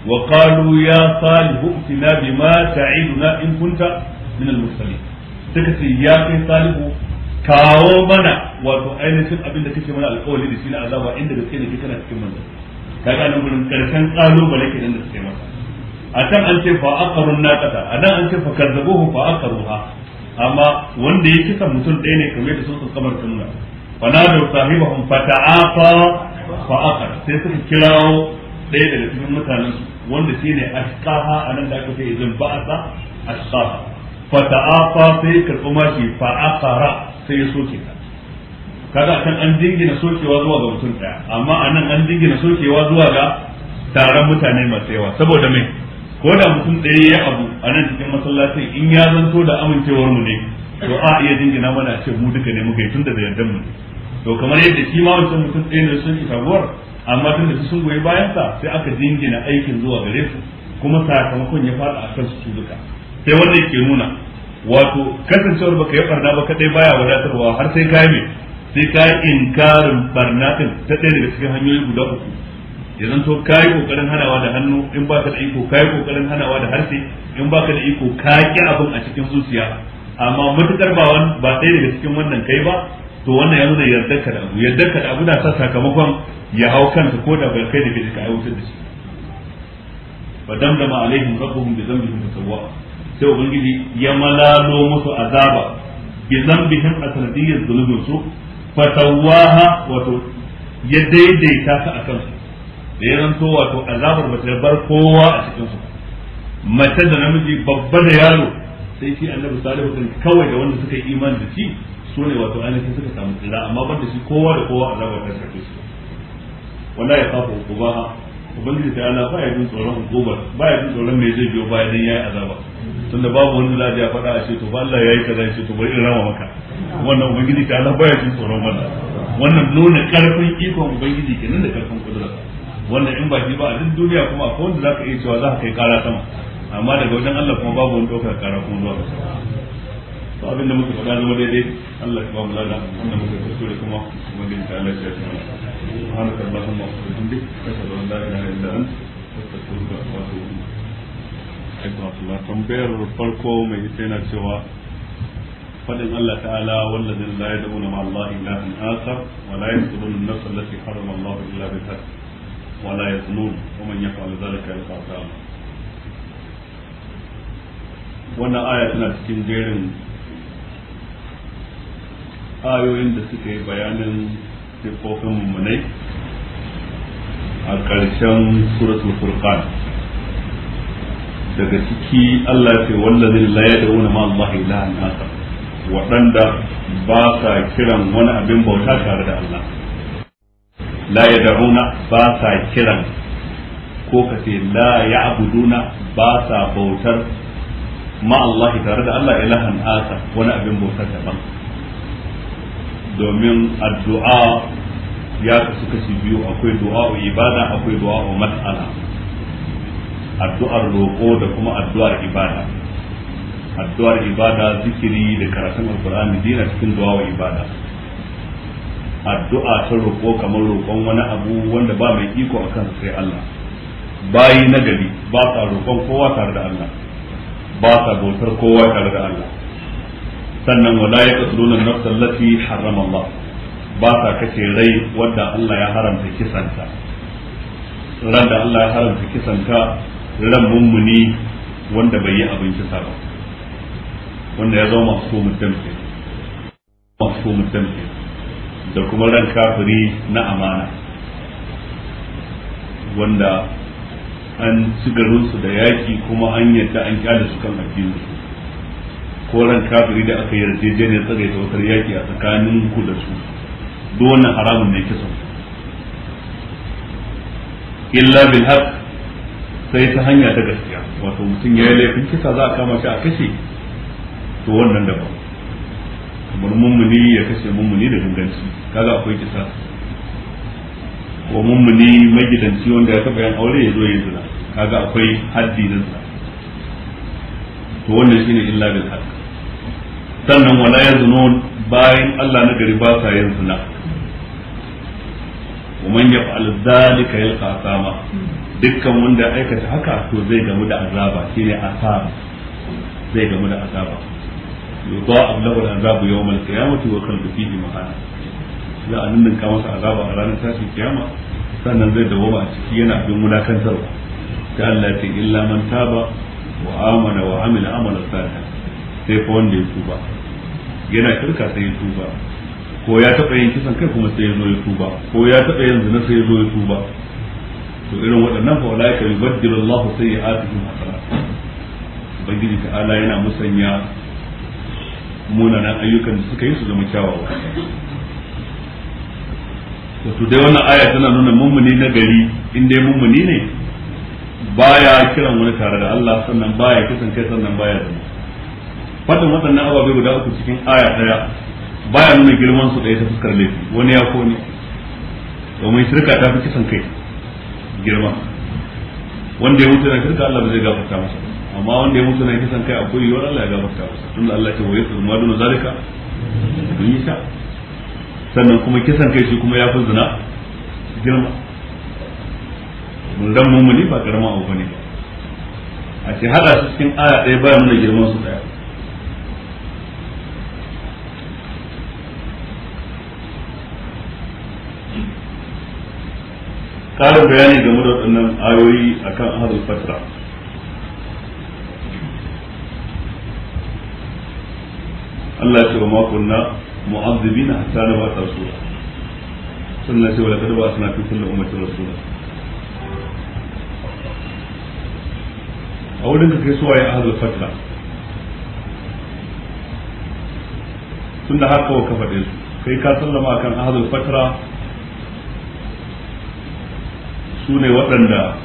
Speaker 1: wa qalu ya salihu tina bima ta'iduna in kunta min al-mursalin suka ce ya kai salihu kawo mana wato ainihin abin da kake mana alƙawari da shi na azaba inda gaske ne kana cikin manzo kaga nan gurin karshen kalubale kenan da suke masa a can an ce fa aqarun naqata a nan an ce fa kazzabuhu fa aqaruha amma wanda ya kisa mutum ɗaya ne kamar da sun kamar tunna fanadu صاحبهم فتعافى fa akar sai suka kirawo ɗaya daga cikin mutanen wanda shine في anan da aka فتعافى idan ba'asa asqaha fata'afa sai karɓi mashi fa akara sai ya soke ta kaga kan an dingina sokewa zuwa ga mutum daya amma nan an dingina sokewa zuwa ga taron mutane masu yawa saboda mai ko da mutum ɗaya ya abu a nan cikin masallacin in ya zanto da amincewar mu ne to a iya jingina mana ce mu duka ne muka yi tun da yardan mu ne to kamar yadda shi ma wancan mutum ɗaya ne sun isa gowar amma tun da sun goyi bayan sa sai aka jingina aikin zuwa gare su kuma sakamakon ya fada a kan su duka sai wanda ke nuna wato kasancewar baka yi barna ba kadai baya wadatarwa har sai ka me sai ka yi inkarin barna ɗin ta ɗaya daga cikin hanyoyi guda uku ya zan to kayi kokarin hanawa da hannu in baka da iko kayi ƙoƙarin kokarin hanawa da harshe in baka da iko ka abin a cikin zuciya amma matukar ba ɗaya daga cikin wannan kai ba to wannan ya nuna yardar ka da abu yardar ka da abu na sa sakamakon ya hau kanka ko da bai kai da kai ka aiwatar da shi fa damdama alaihim rabbuhum bi dhanbihim fatawwa sai ubangiji ya malalo musu azaba bi dhanbihim asandiyyar dhunubin su fatawwaha wato ya daidaita ta akan su da ya zanto wato azabar ba ta bar kowa a cikin su mace da namiji babba da yaro sai shi annabi salihu kawai da wanda suka yi imani da shi su ne wato ainihin suka samu tsira amma ban da shi kowa da kowa azaba ta shafe su wanda ya kafa hukubaha ubangiji ta ala baya jin tsoron hukumar baya jin tsoron mai zai biyo bayan dan yayi azaba tunda babu wanda za ya a faɗa a ce to Allah ya yi kaza ce to bari in rama maka wannan ubangiji ta ala baya jin tsoron wannan wannan nuna karfin ikon ubangiji kenan da karfin kudura wannan in ba shi ba a duk duniya kuma akwai wanda zaka iya cewa za ka kai kara sama amma daga wajen Allah kuma babu wani ɗaukar kara kuma zuwa to abin da muka faɗa zama daidai Allah ya ba mu lada wanda muka kuma kuma bin ta Allah ya tambayar farko mai ita yana cewa fadin Allah ta'ala walladin la yad'una ma Allah ilahan akhar wa la yaqtuluna an-nafs allati Allah illa wa la yaznun wa man yaf'al dhalika yalqa azaba wannan aya tana cikin jerin ayoyin da suka yi bayanin siffofin mummunai a ƙarshen suratul furqan daga ciki Allah ce wallazin la yad'una ma Allah ilahan akhar waɗanda ba sa kiran wani abin bauta tare da Allah la yad'una ba sa kiran ko ka ce la ya'buduna ba sa bautar ma Allah tare da Allah ilahan akhar wani abin bautar daban domin addu'a ya kasu kashi biyu akwai du'a ibada akwai du'a mas'ala addu'ar roƙo da kuma addu'ar ibada addu'ar ibada zikiri da karatun alkur'ani dina cikin du'a wa ibada addu'a ta roƙo kamar roƙon wani abu wanda ba mai iko a kansa sai Allah bayi na gari ba sa roƙon kowa tare da Allah ba sa bautar kowa tare da Allah sannan wala ya qatluna an-nafs allati harrama Allah ba sa kace rai wanda Allah ya haramta kisanta ran da Allah ya haramta kisanta ran mummuni wanda bai yi abin kisa ba wanda ya zama masu mutamke masu mutamke da kuma ran kafiri na amana wanda an ci garinsu da yaki kuma an yadda an kyale su kan addini ko ran kafiri da aka yarjejeniyar tsare ta wutar yaki a tsakanin ku da su duk wannan haramun ne kisa illa bil haq sai ta hanya ta gaskiya wato mutum ya yi laifin kisa za a kama shi a kashe to wannan ba kamar mummuni ya kashe mummuni da ganganci kaga akwai kisa ko mummuni magidanci wanda ya taba yan aure ya zo ya zina kaga akwai haddi na zina to wannan shine illa bil haqq sannan wala yazunun bayan Allah na gari ba sa yin zina ومن يفعل ذلك يلقى عذابا dukkan wanda aikata haka to zai gamu da azaba shine asaba zai gamu da azaba yudha'ab lahu al-azabu yawm al-qiyamati wa khaldu fihi mahana za a nan ka masa azaba a ranar tashin kiyama sannan zai dawoma a ciki yana bin wulakantarwa ta ta illa man taba wa amana wa amila sai fa wanda ya tuba yana shirka sai ya tuba ko ya taɓa yin kisan kai kuma sai ya zo ya tuba ko ya taɓa yin zina sai ya zo ya tuba to irin waɗannan fa wala ka yubaddilu Allahu sayyi'atihim hasanat ubangiji ala yana musanya munanan ayyukan da suka yi su zama kyawawa wato dai wannan aya tana nuna mummuni na gari in dai mummuni ne baya kiran wani tare da Allah sannan baya kisan kai sannan baya zama fadin waɗannan ababe guda uku cikin aya daya baya nuna girman su ɗaya ta fuskar laifi wani ya kone domin shirka ta fi kisan kai girma wanda ya mutu na shirka Allah ba zai gafarta masa amma wanda ya mutu na kisan kai akwai yiwuwar Allah ya gafarta masa tun da Allah ya waye su ma duna zalika mun yi sha sannan kuma kisan kai shi kuma ya fi zina girma mun dan mummuni ba karama abu bane a ce hada su cikin aya ɗaya baya nuna girman su ɗaya karin bayani game da waɗannan ayoyi akan ahlul fatra Allah ya ce wa ma kunna mu'azzibina hatta na ba rasula sannan sai wala kada ba suna fi kullu ummatin sura. a wurin da kai suwaye ahlul fatra da haka wa kafa su kai ka sallama akan ahlul fatra su ne waɗanda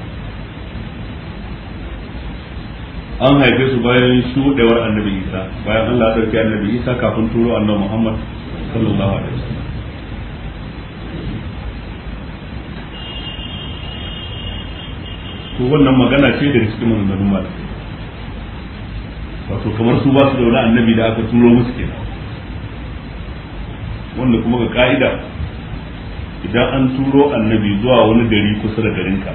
Speaker 1: an haife su bayan shuɗewar annabi isa bayan allah ɗauki annabi isa kafin turo annabi muhammad sallallahu alaihi wasallam ko wannan magana ce daga cikin maganganun malamai wato kamar su ba su da wani annabi da aka turo musu kenan wanda kuma ga ka'ida idan an turo annabi zuwa wani gari kusa da garinka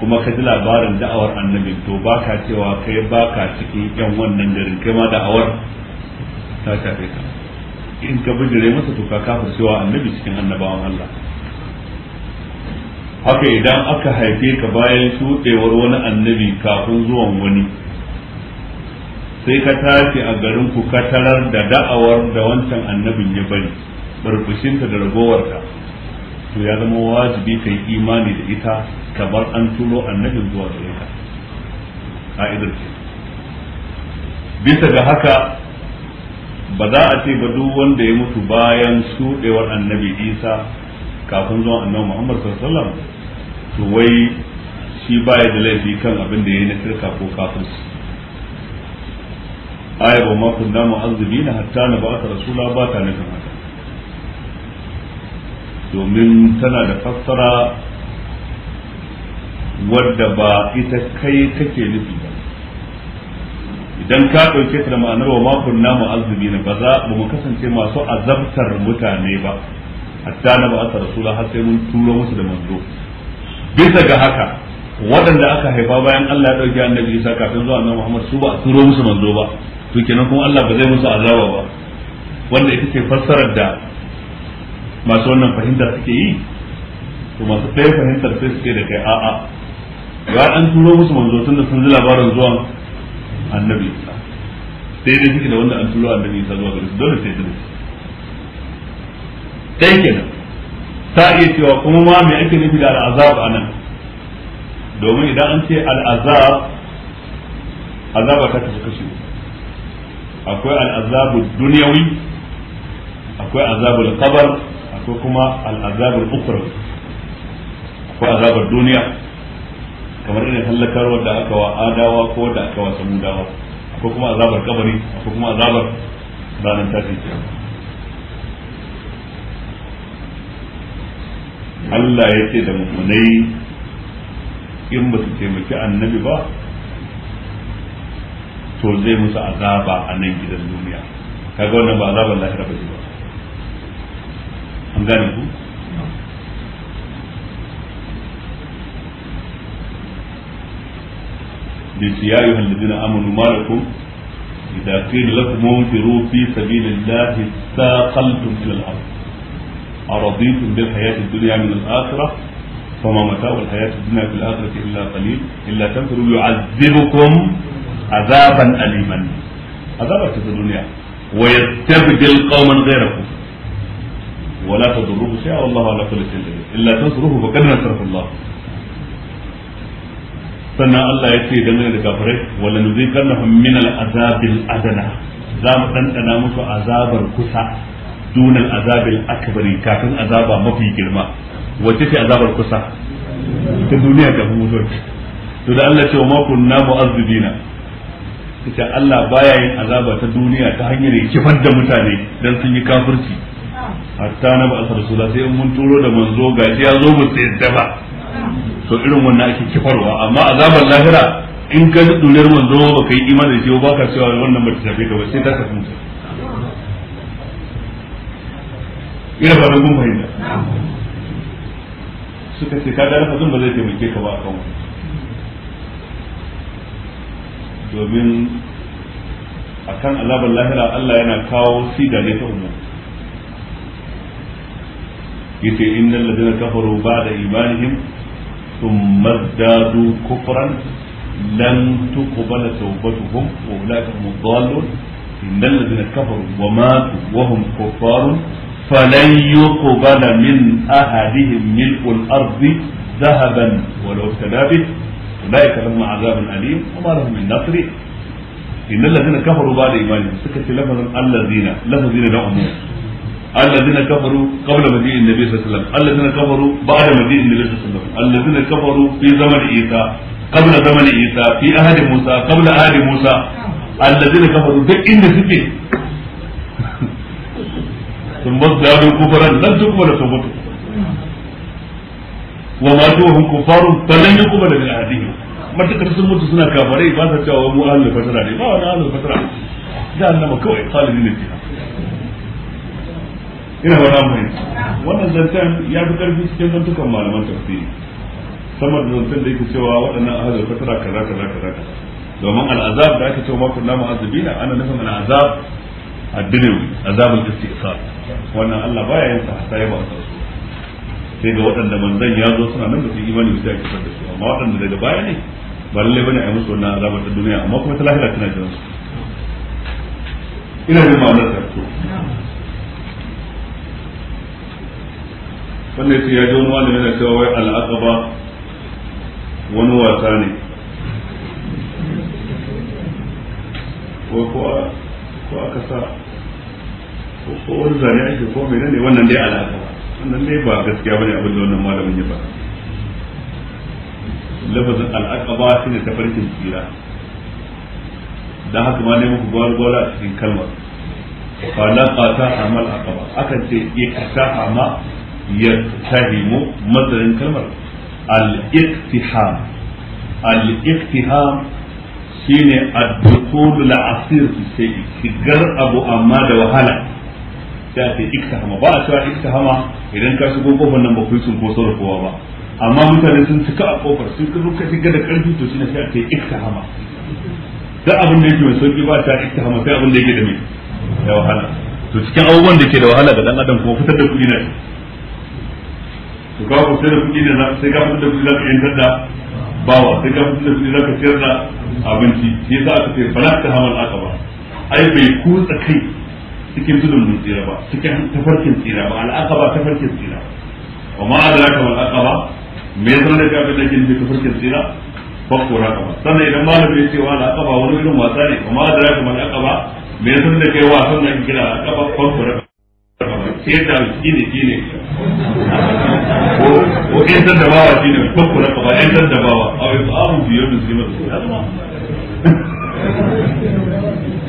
Speaker 1: kuma ka ji labarin da'awar annabi to ba ka cewa kai ba ka cikin yan wannan garin kai ma da'awar ta shafe ka in ka bijire masa to ka kafa cewa annabi cikin annabawan Allah haka idan aka haife ka bayan shuɗewar wani annabi kafin zuwan wani sai ka tashi a garin ku ka tarar da da'awar da wancan annabin ya bari barkushinta da ragowarta to ya zama wajibi yi imani da ita kamar an turo annabin zuwa gare ka ka'idar ce bisa ga haka ba za a ce ba duk wanda ya mutu bayan shuɗewar annabi isa kafin zuwa annabi muhammad sallallahu to wai shi baya da laifi kan abin da ya yi na shirka ko kafirci ayar wa ma kunna na hatta na ta rasula ba ta nufin haka domin tana da fassara wadda ba ita kai kake nufi ba idan ka ɗauke ta da ma'anar wa makon namu azumi ne ba za ba mu kasance masu azabtar mutane ba hatta na ba'asa rasula har sai mun turo musu da manzo bisa ga haka waɗanda aka haifa bayan Allah ya ɗauki annabi Isa kafin zuwa annabi Muhammad su ba a turo musu manzo ba to kenan kuma Allah ba zai musu azaba ba wanda ita ce fassarar da masu wannan fahimtar suke yi to masu ɗaya fahimtar sai suke da kai a'a ya an turo musu manzo tun da sun ji labarin zuwan annabi isa sai dai suke da wanda an turo annabi isa zuwa gare su dole sai da su dai kenan ta iya cewa kuma ma me ake nufi da al'azab a nan domin idan an ce al'azab azaba ta kasu kashi akwai al'azabu duniyawi akwai azabul qabr ko kuma al'azabar ukhra ko azabar duniya kamar irin hallakarwa da aka wa adawa ko da aka wa dawa ko kuma azabar kabari ko kuma azabar ranar tafi Allah ya ce da mummunai in ba su taimaki annabi ba to zai musu azaba a nan gidan duniya kaga wannan ba azabar lahira ba ce ba kun gane بس يا أيها الذين آمنوا ما لكم إذا قيل لكم انفروا في سبيل الله ثاقلتم إلى الأرض أرضيتم بالحياة الدنيا من الآخرة فما متاع الحياة الدنيا في الآخرة إلا قليل إلا تنفروا يعذبكم عذابا أليما عذابا في الدنيا ويستبدل قوما غيركم ولا تضروه شيئا والله على كل شيء قدير الا تنصروه فقد نصره الله sannan Allah ya ce dangane da kafirai wala nuziqannahum min al-azabil adana za mu dandana musu azabar kusa dun al-azabil akbari kafin azaba mafi girma wacce ce azabar kusa ta duniya kafin mutuwa to da Allah ya ce wa ma kunna mu'azzibina ita Allah baya yin azaba ta duniya ta hanyar kifar da mutane dan sun yi kafirci hatta na ba asar sula sai mun turo da manzo shi ya zo mu da ba to irin wannan ake kifarwa amma azabar lahira in ka ji dunar manzo ba ka yi imani da shi ba ka cewa wannan mace tafi ka ba sai ta ka mutu ina ba mun fahimta suka ce ka ga lafazin ba zai taimake ka ba a kan domin akan azabar lahira Allah yana kawo siga ne ta umar yace innal ladina kafaru ba'da imanihim thumma zadu kufran lan tuqbala tawbatuhum wa ulaika hum dhalun innal ladina kafaru wa matu wa hum kuffarun فلن يقبل من أحدهم ملء الأرض ذهبا ولو ابتدى به أولئك لهم عذاب أليم وما لهم من نصير إن الذين كفروا بعد إيمانهم سكت لفظا الذين لفظين لهم الذين كفروا قبل مجيء النبي صلى الله عليه وسلم الذين كفروا بعد مجيء النبي صلى الله عليه وسلم الذين كفروا في زمن عيسى قبل زمن عيسى في عهد موسى قبل عهد موسى الذين كفروا duk inda suke sun mazdadu kufaran lan tukmala tawbatu wa ma tuhum kufarun falan yuqbala min ahadihim matakar sun mutu suna kafarai ba sa cewa mu ahlul fatara ne ba wani ahlul kawai
Speaker 3: ina ba mu wannan
Speaker 1: zancen ya fi karfi cikin zantukan malaman tafsiri sama da zancen da yake cewa waɗannan a hajjar fatara kaza kaza kaza domin al'azab da ake cewa ma kunna mu'azzabina ana nufin al'azab ad azabin azabul isa. wannan Allah baya yin sa sai ba su sai ga waɗanda manzan ya zo suna nan ba su imani ba sai ake da su amma waɗanda daga baya ne ba lallai bane a yi musu wannan azabar ta duniya amma kuma ta lahira tana jiransu ina da ma'anar ta wannan shi ya ji wani wani yana cewa wai al'aqaba wani wasa ne
Speaker 3: ko ko aka sa
Speaker 1: ko ko wani zane ake ko mai ne wannan dai al'aqaba wannan dai ba gaskiya bane abin da wannan malamin ya faɗa lafazin al'aqaba shine tafarkin tsira dan haka ma ne muku gwalgwala a cikin kalmar fa laqata amal aqaba akan ce ikata amma. يتهم مصدر كلمة الاقتحام الاقتحام shine ad-dukhul al-asir fi shay'i shigar abu amma da wahala da ta iktahama ba a cewa iktahama idan ka shigo kofar nan ba ku sun ko sauran amma mutane sun cika a kofar sun ka ka shiga da karfi to shine sai a ce iktahama duk abin da yake mai sauki ba ta iktahama da cikin abubuwan da ke da wahala dan adam kuma fitar da kuɗi na to ka ku sai da kuɗi ne sai ka fitar da kuɗi za ka yantar da bawa sai ka fitar da kuɗi za ka ciyar da abinci shi yasa aka ce bala ta hamal ba ai bai kutsa kai cikin tudun mun tsira ba cikin tafarkin tsira ba al'aka ba tafarkin tsira wa ma adraka wal aqaba me zan da kafin da kin tafarkin tsira fa kora ka sannan idan malami ya ce wa al'aqaba wani irin wasa ne wa ma adraka wal aqaba me zan da kai wasan nan kira al'aqaba fa kora sai da shine shine ko ko in da bawa shine ko kula ka ba in da bawa aw in abu biyar da zima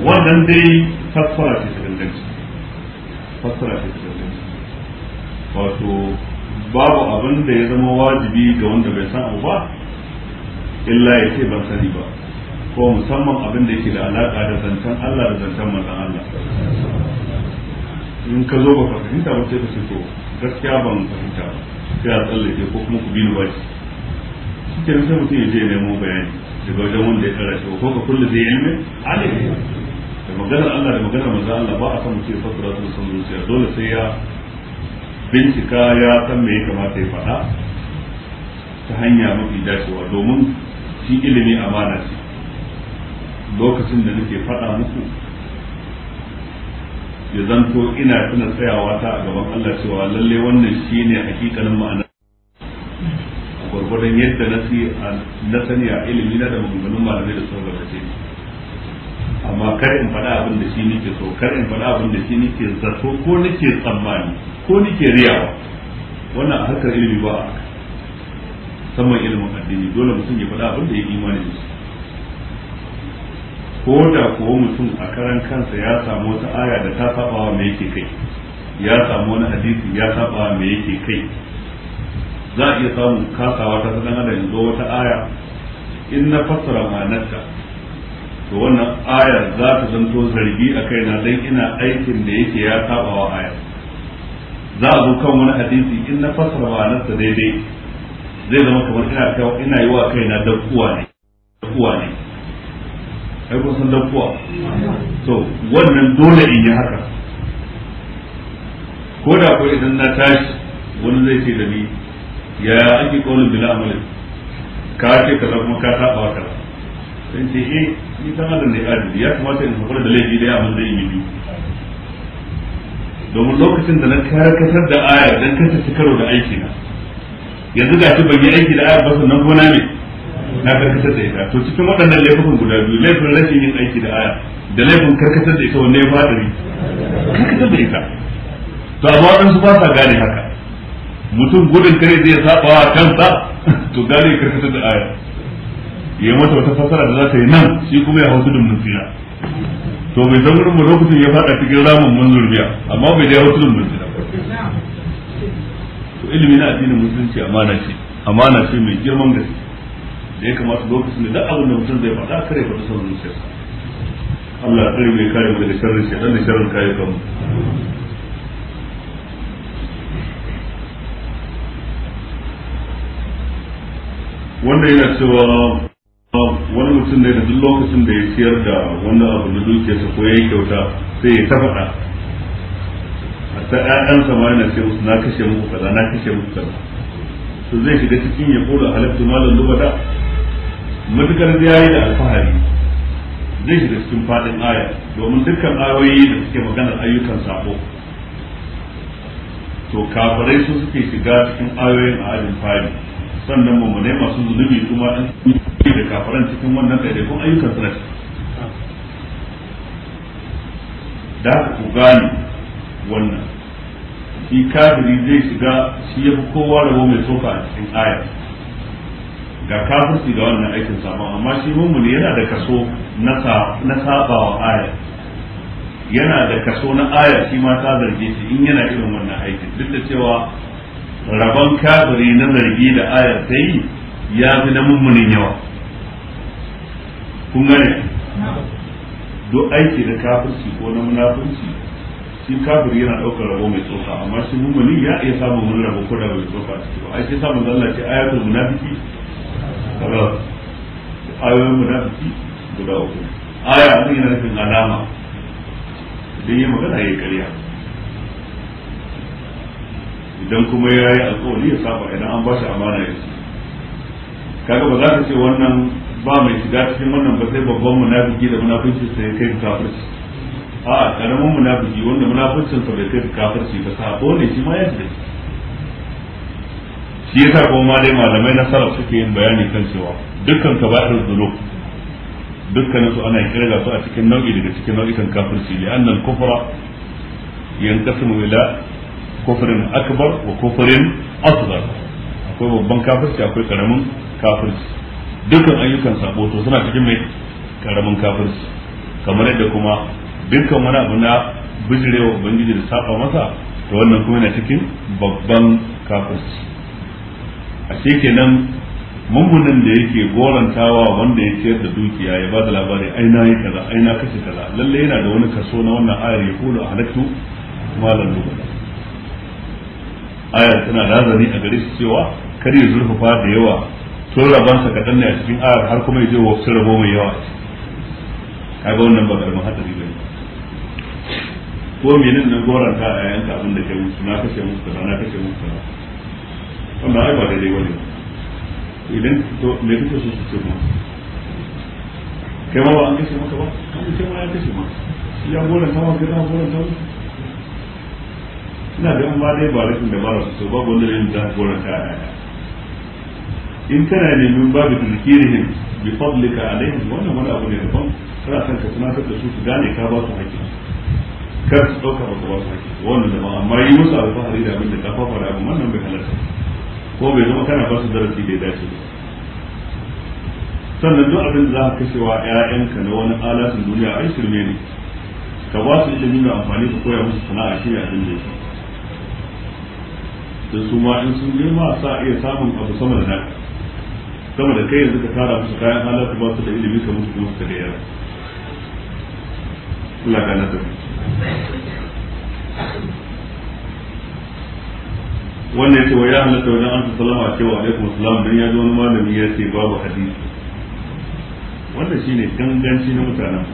Speaker 1: wannan dai fassara ce cikin danci fassara ce cikin danci wato babu abin da ya zama wajibi ga wanda bai san abu ba illa ya ce ban sani ba ko musamman abin da yake da alaka da zancen Allah da zancen manzon Allah in ka zo ba fahimta ba sai ka ce to gaskiya ban fahimta ba sai a tsallake ko kuma ku bi ni ba shi ke sai mutum ya je nemo bayani daga wajen wanda ya kara shi ko ka kulle zai ilmi alaihi da maganar Allah da maganar manzo Allah ba a san mutum ya fassara su san zuciya dole sai ya bincika ya san me ya kamata ya faɗa ta hanya mafi dacewa domin shi ilimi amana ce lokacin da nake faɗa muku ya zanto ina tuna tsayawa ta a gaban Allah cewa lalle wannan shi ne hakikanin ma'ana gwargwadon yadda na sani a ilimi na da maganganun malamai da sauran da amma kar in faɗa abin da shi nake so kar in faɗa abin da shi nake zato ko nake tsammani ko nake riyawa wannan harkar ilimi ba a saman ilimin addini dole mutum ya faɗa abin da ya imani da shi ko da kuwa mutum a karan kansa ya samu wata aya da ta saba wa mai yake kai ya samu wani hadisi ya saba wa mai yake kai za a iya samun kasawa ta sanar da zo wata aya in na fassara ma'anarta to wannan aya za ta zanto zargi a kaina dan ina aikin da yake ya saba wa aya za a zo kan wani hadisi in na fassara ma'anarta daidai zai zama kamar ina ina yi wa kaina dakkuwa ne ne ai kun san dakuwa to wannan dole in yi haka ko da ko idan na tashi wani zai ce da ni ya ake kaunin bila amalin ka ce kaza kuma ka saba wa kaza sai ce eh ni san adam ne adili ya kamata in hakura da laifi da abin da yi domin lokacin da na karkatar da aya dan kanta karo da aiki na yanzu ga shi ban yi aiki da aya ba sannan gona ne na karkatar da ita to cikin waɗannan laifukan guda biyu laifin rashin yin aiki da aya da laifin karkatar da ita wanne ya fadari karkatar da ita to amma waɗansu ba sa gane haka mutum gudun kare zai saba wa kansa to gane karkatar da aya ya mata wata fasara da za ta yi nan shi kuma ya hausu dun mutuna to bai san wurin lokacin ya fada cikin ramin zurbiya amma bai da hausu dun mutuna to ilimi na addinin musulunci amana ce amana ce mai girman gaske da ya kamata lokacin da duk abin da mutum zai faɗa kare faɗa son zuciyarsa Allah kare mai kare mu daga sharrin shi da sharrin kayukan mu wanda yana cewa wani mutum ne da duk lokacin da ya ciyar da wani abu da dukiyarsa ko ya yi kyauta sai ya ta faɗa hatta ƴaƴansa ma yana ce musu na kashe muku kaza na kashe muku kaza to zai shiga cikin ya kula halittu malam lubada matukar yi da alfahari zai shiga cikin fadin aya domin dukkan ayoyi da suke maganar ayyukan sabo to kafirai su suke shiga cikin ayoyin a ajin fari sannan mummune masu zunubi kuma an da kafiran cikin wannan ɗaiɗaikun ayyukan suna da ku gane wannan shi kafiri zai shiga shi ya fi kowa rabo mai soka a cikin aya ga kafirci ga wannan aikin sabon amma shi mummuni yana da kaso na sabawa aya yana da kaso na aya shi ma ta zarge shi in yana irin wannan aikin duk da cewa rabon kafiri na zargi da ayar ta yi ya fi na mummunin yawa kun gane duk aiki da kafirci ko na munafurci shi kafiri yana ɗaukar rabo mai tsoka amma shi mummuni ya iya samun wani rabo ko da mai tsoka ciki ba ai shi samun Allah ce ayatul munafiki ayoyin munafiki guda uku aya abin yana nufin alama idan yi magana ya yi karya idan kuma ya yi alkawari ya saba idan an ba shi amana ya ce kaga ba za ta ce wannan ba mai shiga cikin wannan ba sai babban munafiki da munafici sai kai ka kafirci a karamin munafiki wanda munafikin sa bai kai kafirci ba sabo ne shi ma ya shiga shi yasa kuma ma dai malamai na sarrafa suke yin bayani kan cewa dukkan kaba'ir dhunub dukkanin su ana kirga su a cikin nau'i daga cikin nau'ikan kafirci li annal kufra yanqasimu ila kufrin akbar wa kufrin asghar akwai babban kafirci akwai karamin kafirci dukkan ayyukan sabo to suna cikin mai karamin kafirci kamar yadda kuma dukkan wani abu na bijirewa ubangiji da saba masa to wannan kuma yana cikin babban kafirci a kenan mummunan da yake gorantawa wanda ya ciyar da dukiya ya bada labari ai na yi kaza ai na kashe kaza lalle yana da wani kaso na wannan ayar ya kula a halaktu malam lubala ayar tana razani a gare shi cewa kar ya zurfafa da yawa tun rabansa kaɗan ne a cikin ayar har kuma ya je wasu rabo mai yawa kaga wannan ba karamin hatsari ba ko menene nan goranta a yanka abin da ke musu na kashe musu kaza na kashe musu kaza wannan ai ba daidai bane idan to me kake so su ce ma kai ma ba an kashe maka ba an ce ma ya kashe ma shi ya gora sama kai na gora sama ina da an ba dai ba rashin da ba su so babu wanda yin da gora ta yaya in kana neman babu tilkirihim bi fadlika alaihim wannan wani abu ne daban kana son ka tunatar da su su gane ka ba su hakki kar su ɗauka ba su ba su haƙi wannan da ba amma yi musu alfahari da abin da ta fafa da abin wannan bai halarta ko bai zama kana ba su darasi da ya dace sannan duk abin da za ka kashe wa ƴaƴanka na wani alatin duniya ai shirme ne ka ba su ilimi da amfani ka koya musu sana'a shi ne abin da yake da su ma in sun girma sa iya samun abu sama da naka sama da kai yanzu ka tara musu kayan halatta ba su da ilimi ka musu kuma su da yara Allah ka wannan ya ce wa ya halatta wajen an sallama ce wa alaikum salam dan ya zo wani malami ya ce babu hadisi wannan shine ganganci na mutanen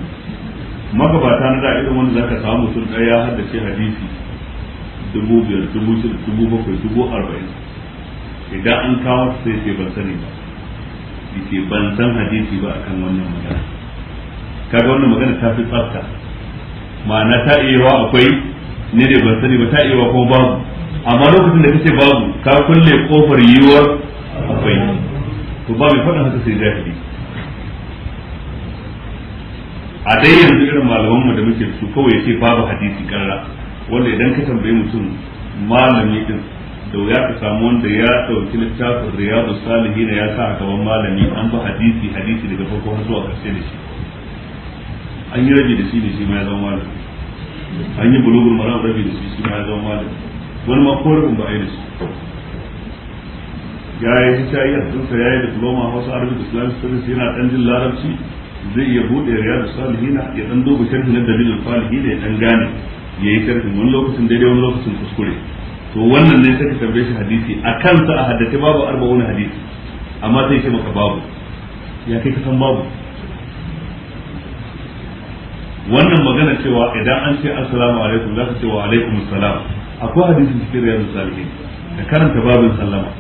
Speaker 1: magabata na da irin wanda zaka samu sun ɗaya ya haddace hadisi dubu biyar dubu shida dubu bakwai dubu arba'in idan an kawo sai ce ban sani ba yake ban san hadisi ba akan wannan magana kaga wannan magana ta fi tsafta ma'ana ta iya akwai ne da ban sani ba ta iya kuma babu amma lokacin da kace babu ka kulle kofar yiwuwar akwai to ba mai faɗin haka sai jahili a dai yanzu irin malaman mu da muke su kawai sai babu hadisi karra wanda idan ka tambaye mutum malami din da wuya ka samu wanda ya dauki littafin riyadu salihina ya sa a gaban malami an ba hadisi hadisi daga farko har zuwa karshe da shi an yi rabi da shi ne shi ma ya zama malami an yi bulugul mara rabi da shi shi ma ya zama malami wani ma korafin ba a yi da shi ya yi hijayi a tsinsa ya yi diploma a wasu arabic islamic studies yana dan jin larabci zai iya buɗe riyadu salihina ya dan duba sharhin na dalilin salihina ya dan gane ya yi sharhin wani lokacin daidai wani lokacin kuskure to wannan ne sai ka tambaye shi hadisi a kansa a haddace babu arba wani hadisi amma sai ce maka babu ya kai ka san babu wannan magana cewa idan an ce assalamu alaikum za ka ce wa alaikum assalam akwai hadisi cikin riyadu salihin da karanta babin sallama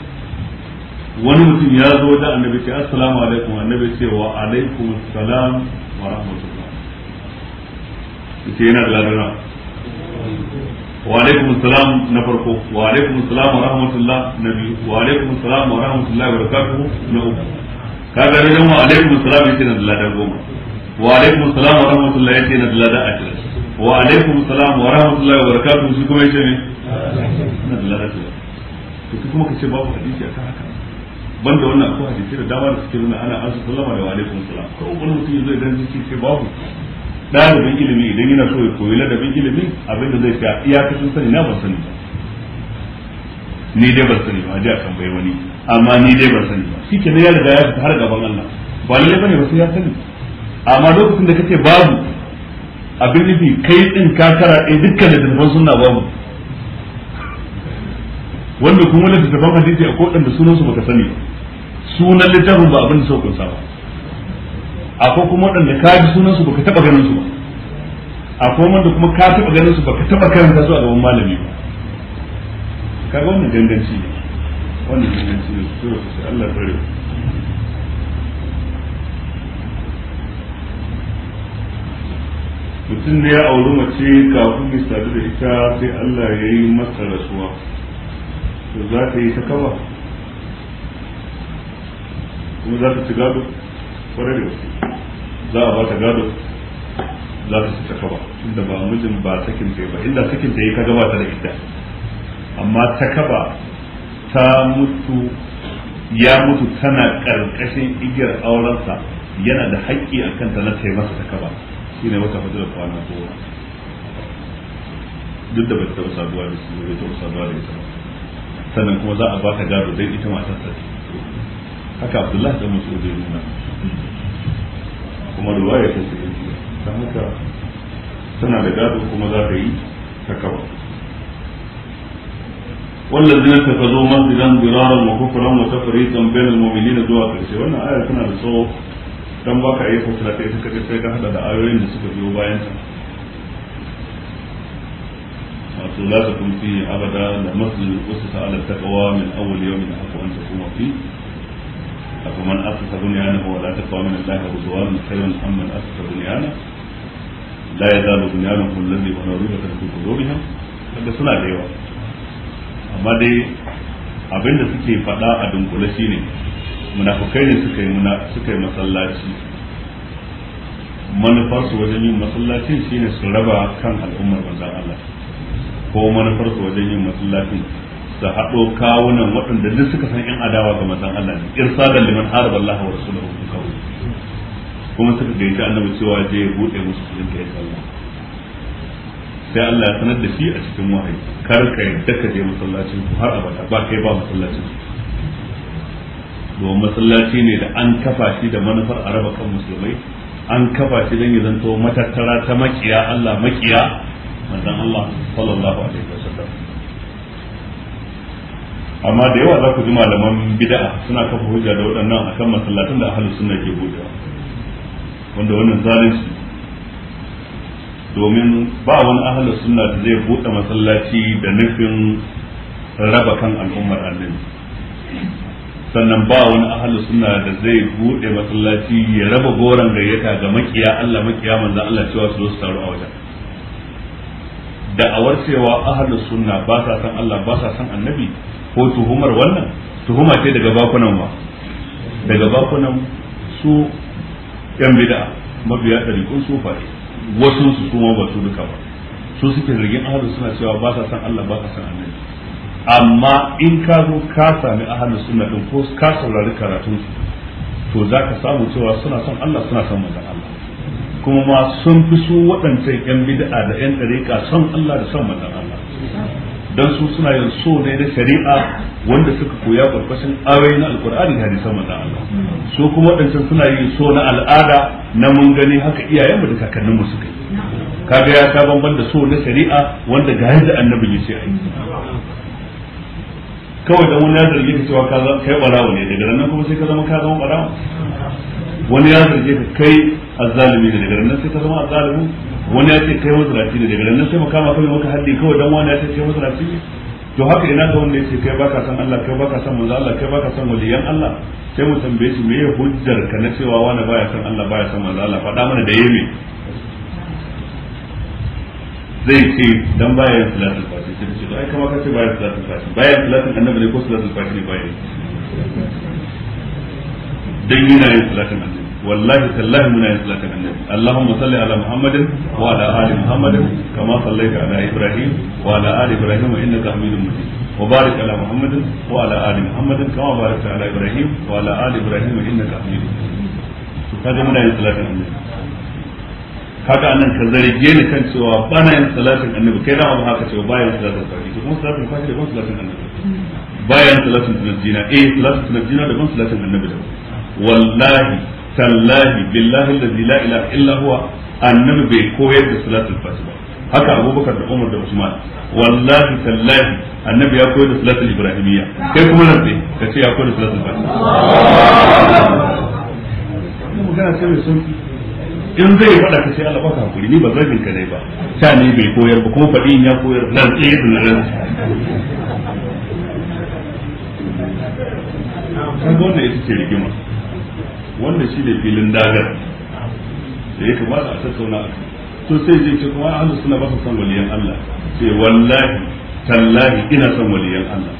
Speaker 1: wani mutum ya zo da annabi ce assalamu alaikum annabi ce wa alaikum assalam wa rahmatullah yace yana da ladana wa alaikum assalam na farko wa alaikum assalam wa rahmatullah na biyu wa alaikum assalam wa rahmatullah wa barakatuhu na uku kaga da wa alaikum assalam yace na da ladan goma wa alaikum assalam wa rahmatullah yace na da ladan ashirin wa alaikum salam wa rahmatullahi wa barakatuh su kuma yace ne na da larabci to kai kuma kace babu hadisi akan haka banda wannan akwai hadisi da dama da suke nuna ana ansa sallama da wa alaikum salam ko wani mutum zai dan ji ce babu ɗalibin ilimi idan yana so ya koyi ladabin ilimi abinda zai ta iyakacin sani na ban sani ba ni dai ban sani ba dai kan bai wani amma ni dai ban sani ba shi ke ya riga ya fita har gaban Allah ba lalle bane ba sai ya sani amma lokacin da kace babu abin nufi kai din ka kara ɗaya dukkan littattafan suna babu wanda kuma littattafan hadisi a kodan da sunansu baka sani sunan littafin ba abin da sau kunsa ba akwai kuma waɗanda ka ji sunansu baka taɓa ganin su ba akwai wanda kuma ka taɓa ganin su baka taɓa karanta su a gaban malami ba kaga wannan danganci ne wannan danganci ne su Allah bari mutum da ya auri mace kafin ya sadu da ita sai Allah ya yi masa rasuwa to za ta yi ta kama kuma za ta ci gado kwarai da za a ba ta gado za ta ci ta kama inda ba mijin ba sakin ta yi ba inda sakin ta yi ka gabata da ita amma ta kaba ta mutu ya mutu tana karkashin igiyar aurensa yana da haƙƙi akan ta na taimasa ta kaba shine wata hudu da kwana goma duk da bai taɓa saduwa da su bai taɓa saduwa da ita sannan kuma za a baka gado dai ita matar sa haka abdullahi da musu zai nuna kuma ruwa ya ta sai ta haka tana da gado kuma za ta yi ta kawai والذين اتخذوا مسجدا ضرارا وكفرا وتفريقا بين المؤمنين دعاء كرسي وانا آية كنا بصوت dan ba ka iya fassara ta ita sai ka hada da ayoyin da suka biyo bayan ta wato la ta kun fi abada da wasu usu ta taqwa min fi a kuma an takuma fi أفمن min بنيانه ولا تقوى من الله رضوان خير أم من أسس بنيانه لا يزال بنيانه الذي بنوا kuma في ta kaga suna da yawa amma dai abinda suke faɗa a dunkule shi ne munafukai ne suka yi muna suka yi masallaci manufar su wajen yin masallacin shine su raba kan al'ummar manzon Allah ko manufar su wajen yin masallacin su haɗo kawunan waɗanda duk suka san 'yan adawa ga manzon Allah ne irsadan liman harba Allah wa rasulahu kawai kuma suka gaita annabi cewa je ya bude musu cikin kai sallah sai Allah ya sanar da shi a cikin wahayi kar ka yadda ka je masallacin har abada ba kai ba masallacin domin masallaci ne da an kafa shi da manufar a raba kan musulmai an kafa shi don ya zanto matattara ta makiya Allah makiya manzon Allah sallallahu alaihi wasallam amma da yawa za ku ji malaman bid'a suna kafa hujja da waɗannan akan masallatan da ahlus sunna ke hujja wanda wannan zalunci domin ba wani ahlus sunna da zai buɗe masallaci da nufin raba kan al'ummar annabi sannan ba wani ahalus suna da zai bude masallaci ya raba goron gayyata ga makiya Allah makiya manzon Allah cewa su zo su taru a wajen Da da'awar cewa ahalus sunna ba sa san Allah ba sa san annabi ko tuhumar wannan tuhuma ce daga bakunan ba daga bakunan su yan bid'a mabiya ɗariƙun sufaye wasu su kuma ba su duka ba su suke zargin ahalus suna cewa ba sa san Allah ba sa san annabi amma in ka zo ka sami ahlus sunna din ko ka saurari karatun su to za ka samu cewa suna son Allah suna son manzon Allah kuma ma sun fi su waɗancan yan bid'a da yan ɗariƙa son Allah da son manzon Allah dan su suna yin so ne da shari'a wanda suka koya barkashin aure na alkur'ani da hadisan manzon Allah su kuma waɗancan suna yin so na al'ada na mun gani haka iyayen mu da kakanninmu suka
Speaker 3: yi kaga
Speaker 1: ya ta bambanta da so na shari'a wanda ga yadda annabi ya ce ai kawai da wani ya zarge ka cewa kai barawo ne daga nan kuma sai ka zama ka zama wani ya zarge ka kai azzalimi ne daga nan sai ka zama azzalimi wani ya ce kai masarafi ne daga nan sai makama kai maka haddi kawai dan wani ya ce kai masarafi ne to haka ina ga wanda yace kai baka san Allah kai baka san manzo Allah kai baka san waliyan Allah sai mu tambaye shi meye hujjar ka na cewa wani baya san Allah baya san manzo Allah faɗa mana da yeme zai ce dan bayan salatul fati sai ce ai kamar kace bayan salatul fati bayan salatul annabi ne ko salatul fati ne bayan dan yana yin salatul annabi wallahi tallahi muna yin salatul annabi allahumma salli ala muhammadin wa ala ali muhammadin kama sallaita ala ibrahim wa ala ali ibrahim innaka hamidum majid وبارك على محمد وعلى ال محمد كما باركت على ابراهيم وعلى ال ابراهيم انك حميد مجيد. هذا من صلاه Haka anan ka zarge ni kan cewa bana yin salatin annabi kai dama ba haka cewa bayan salatin fajr kuma salatin fajr da ban salatin annabi bayan salatin tunajjina eh salatin tunajjina da ban salatin annabi da wallahi tallahi billahi allazi la ilaha illa huwa annabi bai koyar da salatin fajr ba haka abubakar da umar da usman wallahi tallahi annabi ya koyar da salatin ibrahimiyya kai kuma nan ne ka ce ya koyar da salatin fajr magana ce mai sauki in zai faɗa ka sai Allah baka hakuri ni ba zai ka ne ba sai ne bai koyar ba kuma faɗi ya koyar nan tsaye da nan kan wannan ita ce rigima wannan shi ne filin dagar da ya kamata a tattauna a kai to sai zai ce kuma ahlus suna ba su san waliyan Allah sai wallahi tallahi ina san waliyan Allah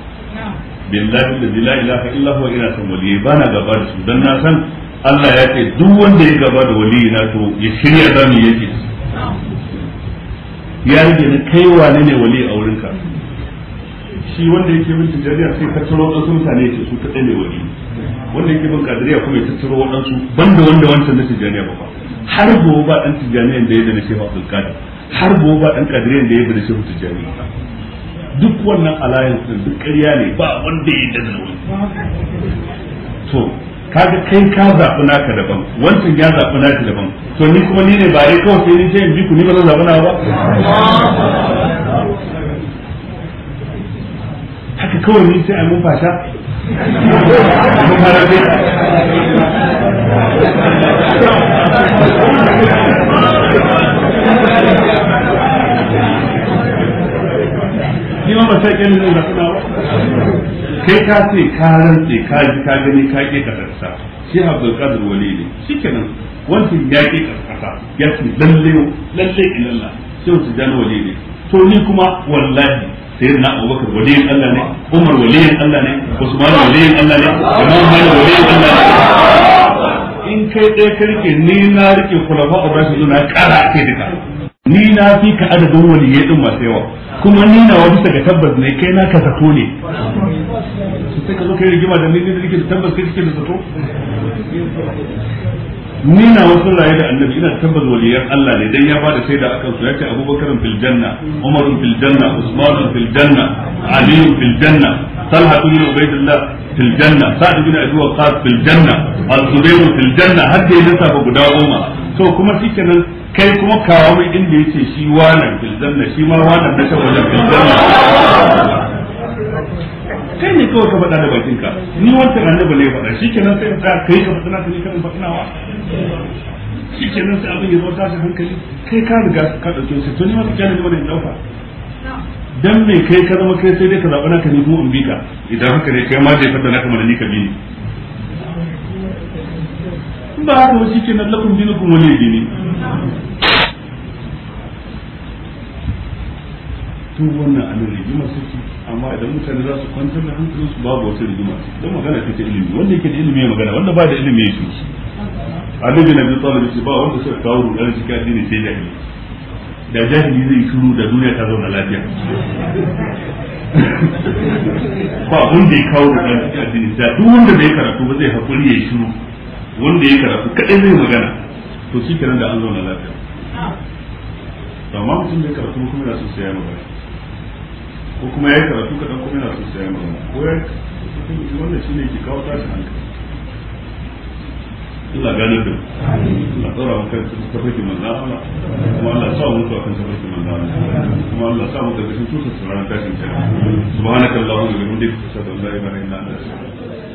Speaker 1: billahi la ilaha illa huwa ina san waliyai bana gaba da su dan na san Allah ya ce duk wanda ya gaba da wali na to ya shirya mu yake ya rage ni kai wane ne wali a wurinka shi wanda yake bin tijariya sai tattaro wadansu mutane ce su kadai ne wali wanda yake bin kadiriya kuma ya tattaro wadansu banda wanda wancan na tijariya ba har gobe ba dan tijariyan da ya da na shehu abdul kadir har gobe ba dan kadiriyan da ya da na shehu tijariya duk wannan alliance duk ƙarya ne ba wanda ya da na wani to kaga kai ka zaɓi naka daban wancan ya zaɓi naka daban to ni kuma ni ne ba dai kawai sai ni ce in ku ni ba zan zaɓi na ba haka kawai ni sai a mun fasha
Speaker 3: ni ma ba sai kenan zan zaɓi na ba kai ka
Speaker 1: ce ka rantse ka ji ka gani ka ke ka tarsa shi abdul qadir wali ne shikenan wancan ya ke karkasa ya ce lalle lalle ilalla sai wata jana wali ne to ni kuma wallahi na abubakar waliyin Allah ne umar waliyin Allah ne usman waliyin Allah ne imam wali yin Allah ne in kai ɗaya karke ni na rike kulafa a rashin na ƙara ke duka ni na fi ka adadin waliyai din masu yawa kuma ni na wani daga tabbas ne kai na ka zato ne sai ka zo kai rigima da ni ne da nake da tabbas kai kike da zato ni na wasu raye da annabi ina tabbas waliyan Allah ne dan ya bada shaida akan su yace Abubakar fil janna Umar fil janna Usman fil janna Ali fil janna Talha ibn Ubaydillah fil janna Sa'd ibn Abi Waqqas fil janna Al-Zubayr fil janna har da ya lissafa guda goma to kuma shikenan kai kuma kawo mai inda ya ce shi wanan na shi ma wanan na shan wajen na
Speaker 3: kai ne kawai ka faɗa da
Speaker 1: bakinka ni wancan annabi ne faɗa shi kenan sai ka kai ka faɗa ka ne kan faɗinawa shi kenan sai abin ya zo tashi hankali kai ka riga ka ɗauke shi to ni ma ka kyale ne wannan ɗauka
Speaker 3: dan me kai
Speaker 1: ka zama kai sai dai ka zaɓa naka ne kuma in bi ka idan haka ne kai ma zai fata naka mana ni ka bi ni in ba haka wasu ke nan lakun dinukun wani dini to wannan a nan rigima suke amma idan mutane za su kwantar da hankalinsu babu wata rigima don magana ta ta ilimi wanda yake da ilimi ya magana wanda ba da ilimi ya shi annabi na biyu tsawon ce ba wanda suka kawo rudar cikin ne sai jahili da jahili zai shuru da duniya ta zauna lafiya
Speaker 3: [laughs] ba
Speaker 1: wanda ya kawo rudar cikin ne da duk wanda bai karatu ba zai haƙuri ya shuru wanda ya karatu kadai zai magana to shi kenan da an zauna lafiya amma mutum bai karatu kuma yana son sai ya magana ko kuma ya yi karatu kaɗan kuma yana son sai ya magana ko ya wanda shi ne ke kawo tashin hankali Allah gane da Allah tsara maka tafarki manzan Allah kuma Allah sa mutu
Speaker 3: akan tafarki manzan Allah kuma Allah sa mutu akan tutar tsaron tashin kira subhanakallahumma wa bihamdika ashhadu an la ilaha illa anta astaghfiruka